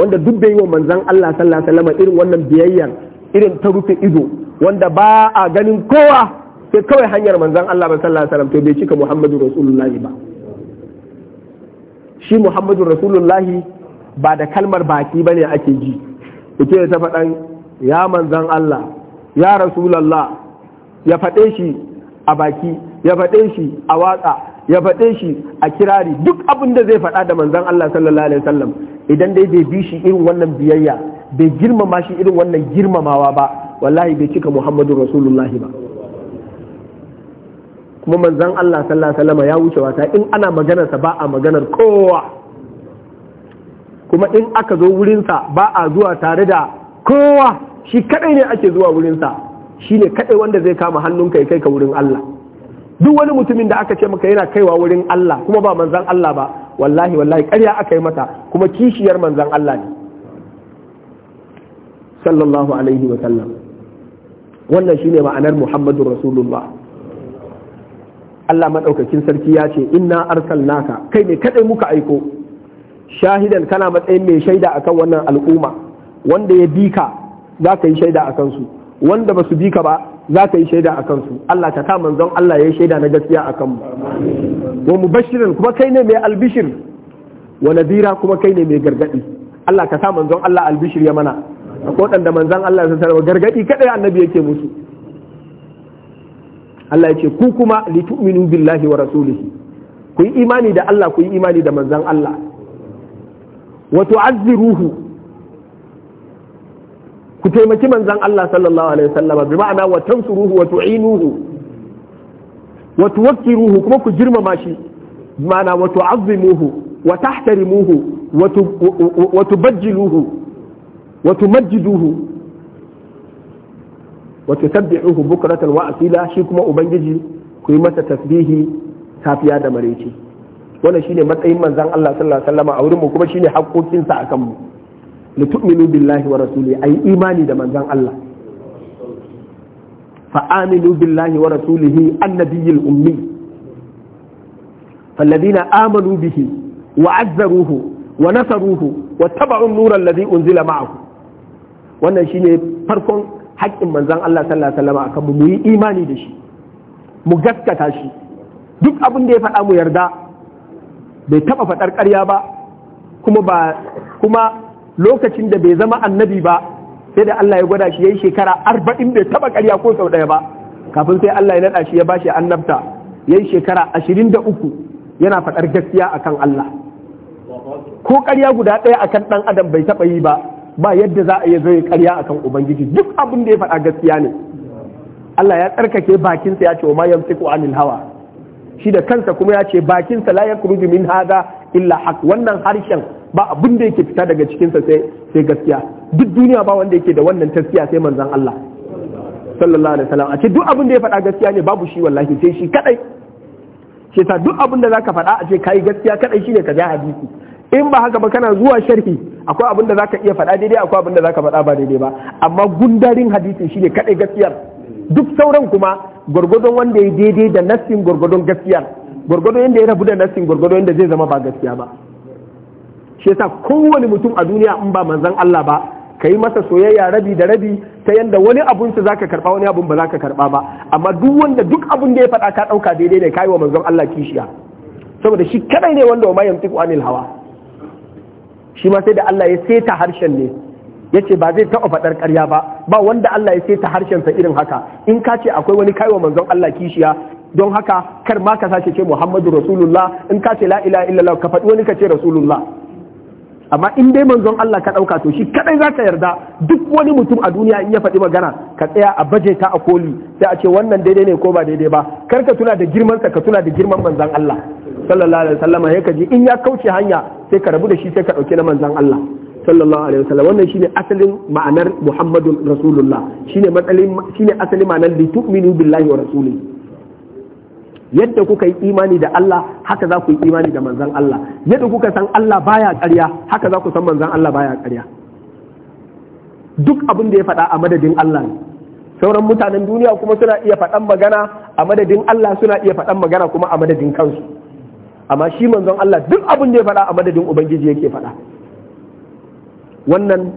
wanda duk da yi wa manzan Allah sallallahu alaihi wasallam irin wannan biyayyar irin ta rufe ido wanda ba a ganin kowa sai kawai hanyar manzan Allah sallallahu to bai cika Muhammadu Rasulullah ba shi muhammadu rasulullahi ba da kalmar baki ne ake ji yake ta faɗan ya manzan Allah ya rasulallah ya faɗe shi a baki ya faɗe shi a waƙa ya faɗe shi a kirari duk abin da zai faɗa da manzan Allah sallallahu alaihi wasallam idan dai bai bi shi irin wannan biyayya bai girmama shi irin wannan girmamawa ba wallahi bai cika muhammadu rasulullahi ba kuma manzan Allah sallallahu ya wuce wata in ana maganarsa ba a maganar kowa kuma in aka zo wurinsa ba a zuwa tare da kowa shi kadai ne ake zuwa wurinsa shi ne kadai wanda zai kama hannunka ya kai ka wurin Allah duk wani mutumin da aka ce maka yana kaiwa wurin Allah kuma ba manzan Allah ba wallahi wallahi ƙarya aka yi mata kuma kishiyar manzan Allah ne sallallahu alaihi wa sallam wannan shine ma'anar Muhammadu Rasulullah Allah maɗaukakin sarki ya ce inna naka. kai ne kadai muka aiko shahidan kana matsayin mai shaida akan wannan al'umma wanda ya bi ka za ka yi shaida a kansu wanda ba su bi ka ba za ka yi shaida a kansu Allah ka ta zan Allah ya yi shaida na gaskiya a kanmu wa mu bashirin kuma kai ne mai albishir wa nadira kuma kai ne mai gargadi Allah ka ta manzon Allah albishir ya mana akwai waɗanda manzon Allah ya sanar gargadi kadai annabi yake musu Allah ya ce ku kuma litu'minu billahi wa rasulihi ku yi imani da Allah ku yi imani da manzan Allah wa tu'azziruhu ku taimaki manzan Allah sallallahu alaihi wasallam bi ma'ana wa tansuruhu wa tu'inuhu wa tuwakkiruhu kuma ku girmama shi ma'ana wa tu'azzimuhu wa tahtarimuhu wa tubajjiluhu wa tumajjiduhu wa tusabbihuhu bukratan wa asila shi kuma ubangiji ku yi masa tasbihi safiya da maraice wannan shine matsayin manzon Allah sallallahu alaihi a wurin mu kuma shine haƙoƙinsa akan mu li tu'minu billahi wa rasuli ayi imani da manzan Allah fa aminu billahi wa rasulihi annabiyil ummi فالذين آمنوا به وعزروه ونصروه واتبعوا النور الذي أنزل wannan shine farkon haƙƙin manzon Allah sallallahu alaihi wasallam akan mu yi imani da shi mu gaskata shi duk abin da ya faɗa mu yarda bai taɓa faɗar ƙarya ba kuma ba kuma lokacin da bai zama annabi ba sai da Allah ya gwada shi yayi shekara arba'in bai taɓa ƙarya ko sau ɗaya ba kafin sai Allah ya naɗa shi ya bashi annabta Ya yi shekara ashirin da uku yana faɗar gaskiya akan Allah ko ƙarya guda ɗaya akan ɗan adam bai taɓa yi ba ba yadda za a iya zai karya akan ubangiji duk abin da ya faɗa gaskiya ne Allah ya tsarkake bakinsa ya ce wa ma yamsiku anil hawa shi da kansa kuma ya ce bakinsa la yakhruju min hadha illa haq wannan harshen ba abin da yake fita daga cikinsa sai sai gaskiya duk duniya ba wanda yake da wannan taskiya sai manzon Allah sallallahu alaihi wasallam a ce duk abin da ya faɗa gaskiya ne babu shi wallahi sai shi kadai shi duk abin da zaka faɗa a ce kai gaskiya kadai shine ka ja hadisi in ba haka ba kana zuwa sharhi akwai abin da zaka iya faɗa daidai akwai abin da zaka faɗa ba daidai ba amma gundarin hadisi shine kadai gaskiyar duk sauran kuma gwargwadon wanda ya daidai da nassin gwargwadon gaskiyar gwargwadon yadda ya rabu da nassin gwargwadon yadda zai zama ba gaskiya ba shi yasa kowane mutum a duniya in ba manzon Allah ba ka yi masa soyayya rabi da rabi ta yanda wani abun sa zaka karba wani abun ba zaka karba ba amma duk wanda duk abun da ya faɗa ka ɗauka daidai da kai wa manzon Allah kishiya saboda shi kadai ne wanda wa ma yamtiku anil hawa shi ma sai da Allah ya seta harshen ne ya ce ba zai taɓa faɗar ƙarya ba ba wanda Allah ya harshen sa irin haka in ka ce akwai wani kaiwa manzon Allah kishiya don haka kar ma ka sace ce Muhammadu Rasulullah in ka ce la ilaha illallah ka faɗi wani ka ce Rasulullah amma in dai manzon Allah ka ɗauka to shi kaɗai za ka yarda duk wani mutum a duniya in ya faɗi magana ka tsaya a baje ta a koli sai a ce wannan daidai ne ko ba daidai ba kar ka tuna da girmansa ka tuna da girman manzon Allah sallallahu alaihi wasallam ya ka in ya kauce hanya sai ka rabu da shi sai ka dauki na manzon Allah sallallahu alaihi wasallam wannan shine asalin ma'anar Muhammadun Rasulullah shine matsalin shine asalin ma'anar li tu'minu billahi wa rasuli yadda kuka yi imani da Allah haka za ku yi imani da manzon Allah yadda kuka san Allah baya ƙarya haka za ku san manzon Allah baya ƙarya duk abin da ya faɗa a madadin Allah ne sauran mutanen duniya kuma suna iya faɗan magana a madadin Allah suna iya faɗan magana kuma a madadin kansu amma shi manzon Allah duk abin da ya faɗa a madadin ubangiji yake faɗa wannan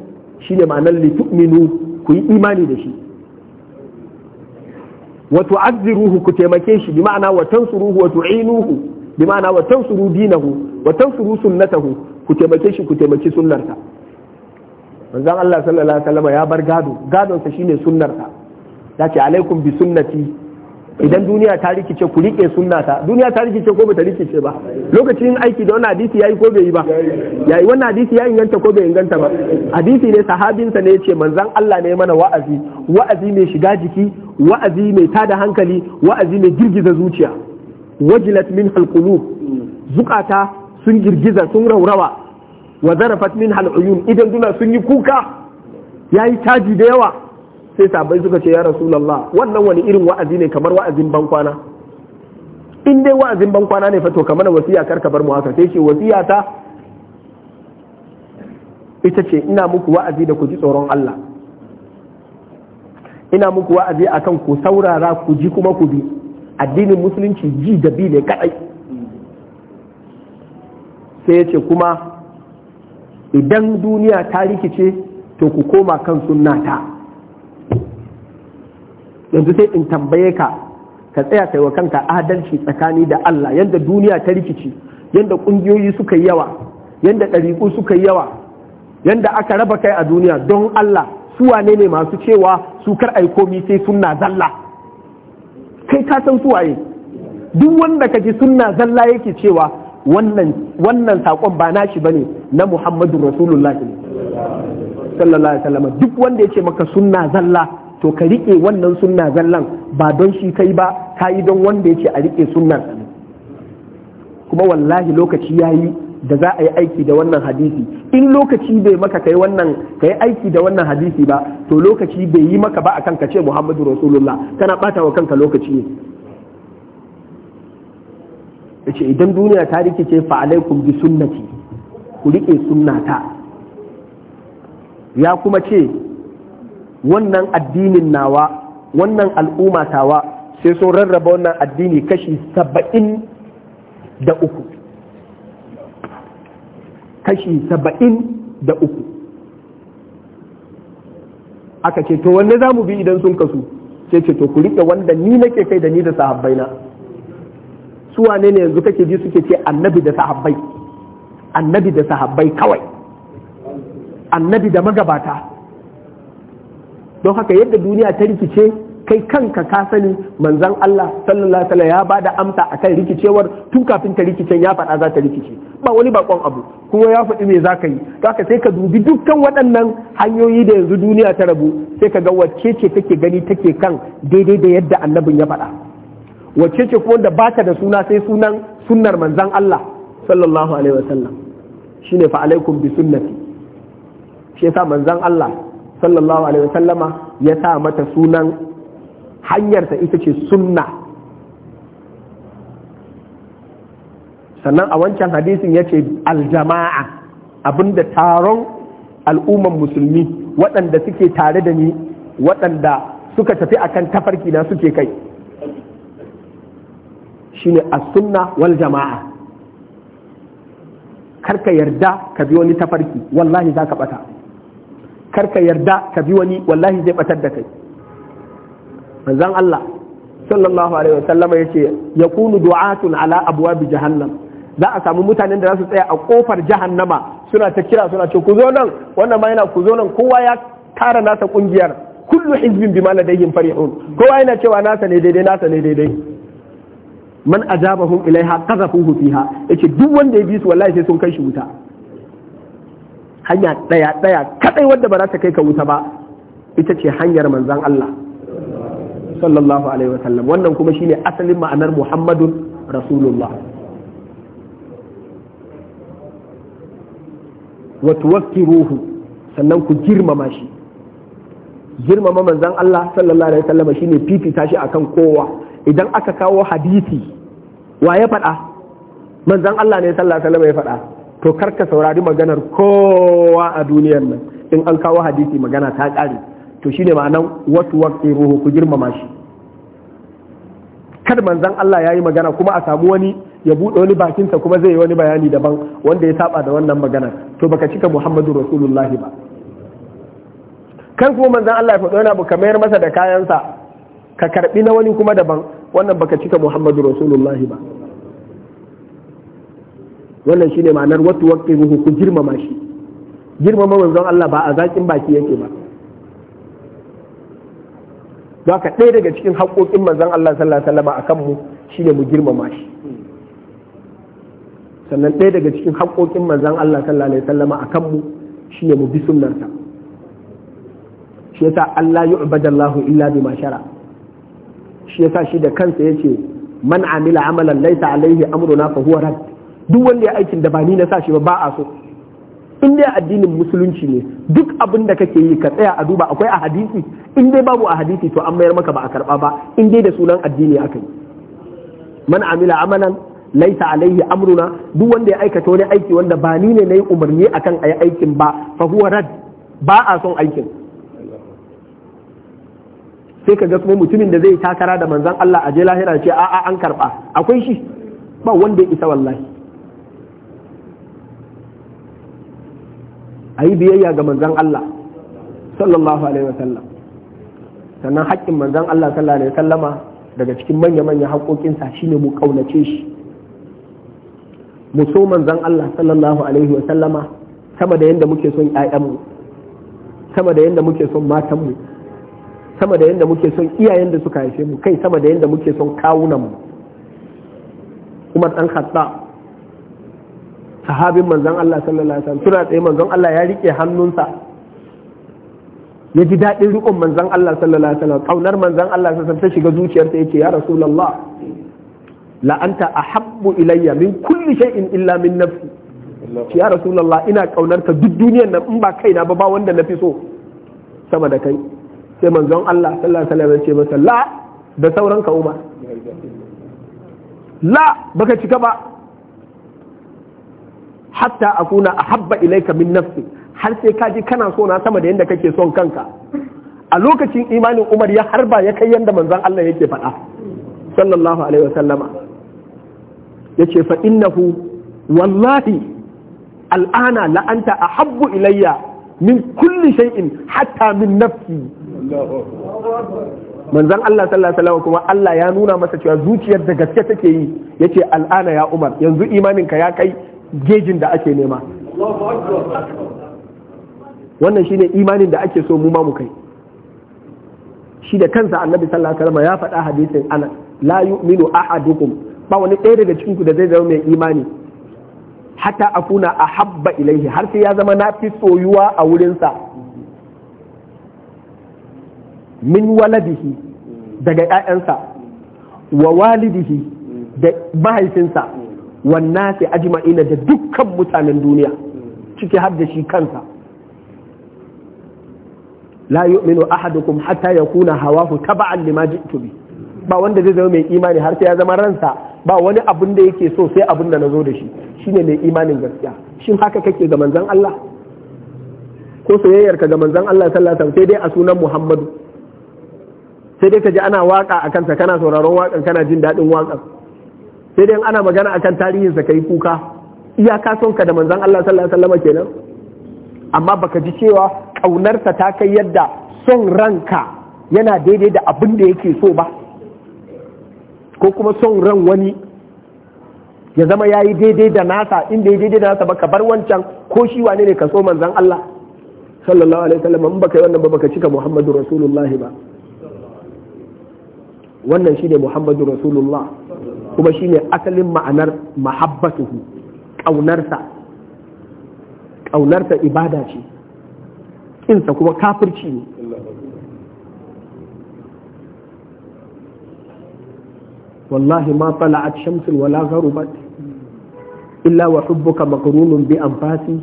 shine ma'anar litu'minu ku yi imani da shi wa ruhu ku taimake shi bi ma'ana wa ruhu, wa inuhu, bi ma'ana wa tansuru dinahu wa ruhu sunnatahu ku taimake shi ku taimaki sunnarsa manzon Allah sallallahu alaihi wasallam ya bar gado gadon sa shine sunnarsa yace alaikum bi sunnati idan duniya ta rikice ku rike sunna ta duniya ta rikice ko bata rikice ba lokacin aiki da wannan hadisi yayi ko bai yi ba yayi wannan hadisi ya inganta ko bai inganta ba hadisi ne sahabinsa ne yace manzon Allah ne mana wa'azi wa'azi mai shiga jiki wa'azi mai tada hankali wa'azi mai girgiza zuciya wajilat min halqulub zukata sun girgiza sun raurawa wa zarafat min haluyun idan duna sun yi kuka yayi taji da yawa sai sabai suka ce ya rasulallah. wannan wani irin wa'azi ne kamar wa'azin bankwana in dai wa'azin bankwana ne fato kamar wasiya karka bar mu haka sai ce wasiya ta ita ce ina muku wa'azi da ku ji tsoron Allah ina muku wa'azi akan ku saurara ku ji kuma ku bi addinin musulunci ji da bi ne kadai sai ya ce kuma idan duniya ta rikice to ku koma kan sunnata yanzu sai in tambaye ka ka tsaya kai wa kanka adalci tsakani da Allah yanda duniya ta rikici yadda kungiyoyi suka yi yawa yadda ɗariƙu suka yi yawa yanda aka raba kai a duniya don Allah su wane ne masu cewa su kar ai komi sai sunna zalla kai ka san suwaye duk wanda ka ji sunna zalla yake cewa wannan wannan saƙon ba nashi bane na Muhammadu Rasulullahi sallallahu alaihi wasallam duk wanda yake maka sunna zalla to ka rike wannan sunna zallan ba don shi kai ba ka yi don wanda ya ce a rike sunnan kuma wallahi lokaci ya yi da za a yi aiki da wannan hadisi in lokaci bai maka kai wannan kai aiki da wannan hadisi ba to lokaci bai yi maka ba akan ka ce Muhammadu Rasulullah kana bata wa kanka lokaci ne yace idan duniya ta rikice fa alaikum bi sunnati ku rike sunnata ya kuma ce wannan addinin nawa wannan al'umma tawa sai sun rarraba wannan addini kashi saba'in da uku kashi saba'in da uku aka ce to wanne za mu bi idan sun kasu sai ce to ku riƙe wanda ni nake kai da ni da sahabbaina su wane ne yanzu kake ji suke ce annabi da sahabbai annabi da sahabbai kawai annabi da magabata don haka yadda duniya ta rikice kai kanka ka sani manzan Allah sallallahu alaihi ya bada amsa akan rikicewar tun kafin ta rikicen ya faɗa za ta rikice ba wani bakon abu kuma ya faɗi me za ka yi haka sai ka dubi dukkan waɗannan hanyoyi da yanzu duniya ta rabu sai ka ga wacce ce take gani take kan daidai da yadda annabin ya faɗa wacce ce kuma da bata da suna sai sunan sunnar manzan Allah sallallahu alaihi wasallam shine fa alaikum bi sunnati shi yasa manzon Allah sallallahu alaihi wasallama ya sa mata sunan hanyarsa ita ce sunna sannan a wancan hadisin ya ce aljama'a abinda taron al'umman musulmi waɗanda suke tare da ni waɗanda suka tafi akan tafarki na suke kai shine as-sunna wal jama'a karka yarda ka bi wani tafarki wallahi za ka ɓata karka yarda ka bi wani wallahi zai batar da kai manzon Allah sallallahu alaihi wasallama yace yakunu du'atun ala abwabi jahannam za a samu mutanen da za su tsaya a kofar jahannama suna ta kira suna ce ku zo nan wannan ma yana ku zo nan kowa ya tara nasa kungiyar kullu hizbin bima ladayhim farihun kowa yana cewa nasa ne daidai nasa ne daidai man ajabahum ilaiha qazafuhu fiha yace duk wanda ya bi su wallahi sai sun kai shi wuta hanya ɗaya ɗaya kaɗai wadda ba za ta kai ka wuta ba ita ce hanyar manzan Allah sallallahu alaihi wasallam wannan kuma shine asalin ma'anar muhammadun rasulullah wa ruhu sannan ku girmama shi girmama manzan Allah sallallahu alaihi wasallam shine fifita shi akan kowa idan aka kawo hadisi wa ya faɗa manzan Allah ne sallallahu alaihi wasallam ya faɗa to karka saurari maganar kowa a duniyar nan in an kawo hadisi magana ta ƙare to shine ma'anan wasu waƙi ruhu ku girmama shi kar manzan Allah ya yi magana kuma a samu wani ya buɗe wani bakinsa kuma zai yi wani bayani daban wanda ya saba da wannan magana to baka cika Muhammadu Rasulullahi ba Kan kuma manzan Allah ya faɗo yana buka mayar masa da kayansa ka karɓi na wani kuma daban wannan baka cika Muhammadu Rasulullahi ba wannan shi ne ma'anar watu ruhu ku girmama shi girmama manzon Allah ba a zaƙin baki yake ba ka ɗaya daga cikin haƙoƙin manzon Allah sallallahu alaihi wasallam kanmu mu ne mu girmama shi sannan ɗaya daga cikin haƙoƙin manzon Allah sallallahu alaihi wasallam kanmu shi ne mu bi sunnarsa shi yasa Allah Allah illa bi mashara shi yasa shi da kansa yace man amila amalan laysa alaihi amruna fa huwa radd duk wanda ya aikin da ba ni na sa shi ba ba a so in dai addinin musulunci ne duk abin da kake yi ka tsaya a duba akwai a hadisi in dai babu a hadisi to an mayar maka ba a karba ba in dai da sunan addini aka yi man amila amalan laisa alaihi amruna duk wanda ya aikata wani aiki wanda ba ni ne nayi umarni akan ayi aikin ba fa huwa rad ba a son aikin sai ka ga kuma mutumin da zai takara da manzon Allah a je lahira ce a'a an karba akwai shi ba wanda ya isa wallahi a yi biyayya ga manzan Allah sallallahu alaihi wasallam sannan haƙƙin manzan Allah sallallahu alaihi wasallama daga cikin manya-manya haƙoƙinsa ne mu ƙaunace shi mu so manzan Allah sallallahu alaihi wasallama sama da yadda muke son ƴaƴanmu sama da yadda muke son matanmu sama da yadda muke son iyayen da suka haife mu kai sama da yadda muke son kawunanmu Umar ɗan Khattab sahabin manzan Allah sallallahu alaihi wasallam suna tsaye manzan Allah ya rike hannunsa ya ji daɗin riƙon manzan Allah sallallahu alaihi wasallam kaunar manzan Allah sallallahu alaihi ta shiga zuciyarsa yace ya rasulullah la anta ahabbu ilayya min kulli shay'in illa min nafsi ya rasulullah ina kaunar ka duk duniyar nan in ba kaina ba ba wanda na fi so sama da kai sai manzon Allah sallallahu alaihi wasallam ya ce masa la da sauran ka umar la baka cika ba hatta akuna habba ilayka min nafsi har sai kaji kana so na sama da yadda kake son kanka a lokacin imanin Umar ya harba ya kai yanda manzan Allah yake faɗa sallallahu alaihi wasallama yace fa innahu wallahi al'ana la'anta habbu ilayya min kulli shay'in hatta min nafsi Manzan Allah sallallahu alaihi kuma Allah ya nuna masa cewa zuciyar da gaske take yi yace al'ana ya Umar yanzu imaninka ya kai gejin da ake nema wannan shine imanin da ake so mu ma mu kai shi da kansa annabi sallallahu alaihi wasallam ya faɗa hadisin ana la yu'minu ahadukum ba wani ɗaya daga cikin ku da zai zama mai imani hatta akuna habba ilaihi har sai ya zama na fi soyuwa a wurinsa min waladihi daga ƴaƴansa wa walidihi da mahaifinsa wannan sai ajma'ina da dukkan mutanen duniya ciki har da shi kansa la yu'minu ahadukum hatta yakuna hawahu taba'an lima ji'tu bi ba wanda zai zama mai imani har sai ya zama ransa ba wani abin da yake so sai abin da nazo da shi shine mai imanin gaskiya shin haka kake ga manzon Allah ko ka ga manzon Allah sallallahu alaihi wasallam sai dai a sunan Muhammadu sai dai ka ji ana waka a kansa kana sauraron wakan kana jin daɗin wakan sai dai ana magana akan tarihin sa kai kuka iyaka son ka da manzon Allah sallallahu alaihi wasallam kenan amma baka ji cewa ƙaunarsa ta kai yadda son ranka yana daidai da abin da yake so ba ko kuma son ran wani ya zama ya yi daidai da nasa inda ya daidai da nasa baka bar wancan ko shi wane ne ka so manzan Allah sallallahu alaihi wasallam in baka yi wannan ba baka cika Muhammadu Rasulullahi ba wannan shi ne Muhammadu Rasulullah kuma shine asalin ma'anar mahabbatuhu ƙaunarsa ƙaunarsa ibada ce kinsa kuma kafirci ne wallahi ma tala'at shamsul wala gharubat illa wa hubbuka maqrunun bi anfasi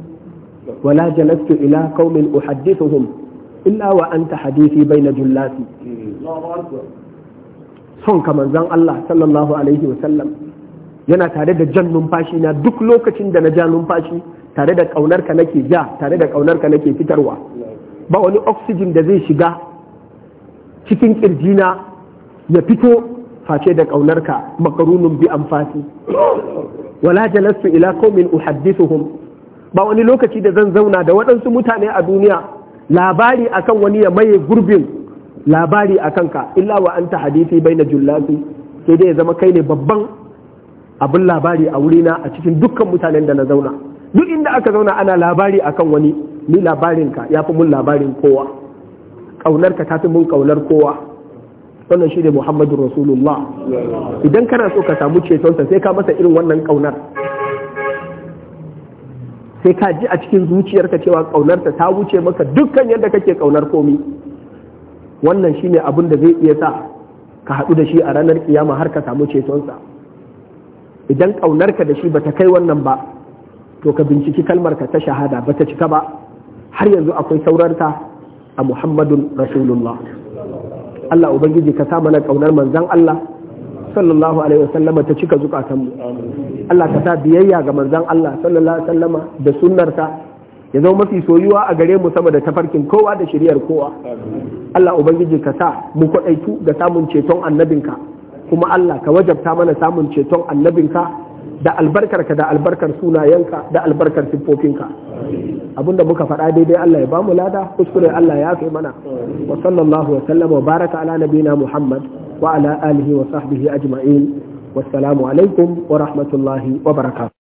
wala jalastu ila qaumin uhaddithuhum illa wa anta hadithi bayna jullati son ka manzon Allah sallallahu alaihi wasallam yana tare da jan numfashi na duk lokacin da na ja numfashi tare da ƙaunarka nake ja tare da ƙaunarka nake fitarwa ba wani oxygen da zai shiga cikin ƙirjina ya fito face da ƙaunarka ka makarunun bi amfasi wala jalastu ila qaumin uhaddithuhum ba wani lokaci da zan zauna da waɗansu mutane a duniya labari akan wani ya maye gurbin labari a kanka illa wa an ta hadisi bai na jullasi sai dai ya zama kai ne babban abin labari a wurina a cikin dukkan mutanen da na zauna duk inda aka zauna ana labari a kan wani ni labarinka ya fi mun labarin kowa ƙaunarka ta fi mun ƙaunar kowa wannan shi ne muhammadu rasulullah idan kana so ka samu cetonsa sai ka masa irin wannan ƙaunar sai ka ji a cikin zuciyarka cewa ƙaunarta ta wuce maka dukkan yadda kake ƙaunar komi wannan shi ne abin da zai iya sa ka haɗu da shi a ranar ƙiyama har ka samu cetonsa idan ƙaunarka da shi ba ta kai wannan ba to ka binciki kalmar ka ta shahada ba ta cika ba har yanzu akwai saurarta a muhammadun rasulullah Allah Ubangiji ka sa mana ƙaunar manzan Allah sallallahu alaihi wasallama ta cika zukatanmu Allah ka sa biyayya ga manzan Allah sallallahu alaihi wasallama da sunnarsa ya zama mafi soyuwa a gare mu sama da tafarkin kowa da shiriyar kowa Allah ubangiji ka sa mu kwadaitu ga samun ceton annabinka kuma Allah ka wajabta mana samun ceton annabinka da albarkarka da albarkar sunayenka da albarkar siffofinka abinda muka faɗa daidai Allah ya ba mu lada kuskure Allah ya kai mana wa sallallahu wa sallama wa baraka ala nabina Muhammad wa ala alihi wa sahbihi ajma'in wassalamu alaikum wa rahmatullahi wa barakatuh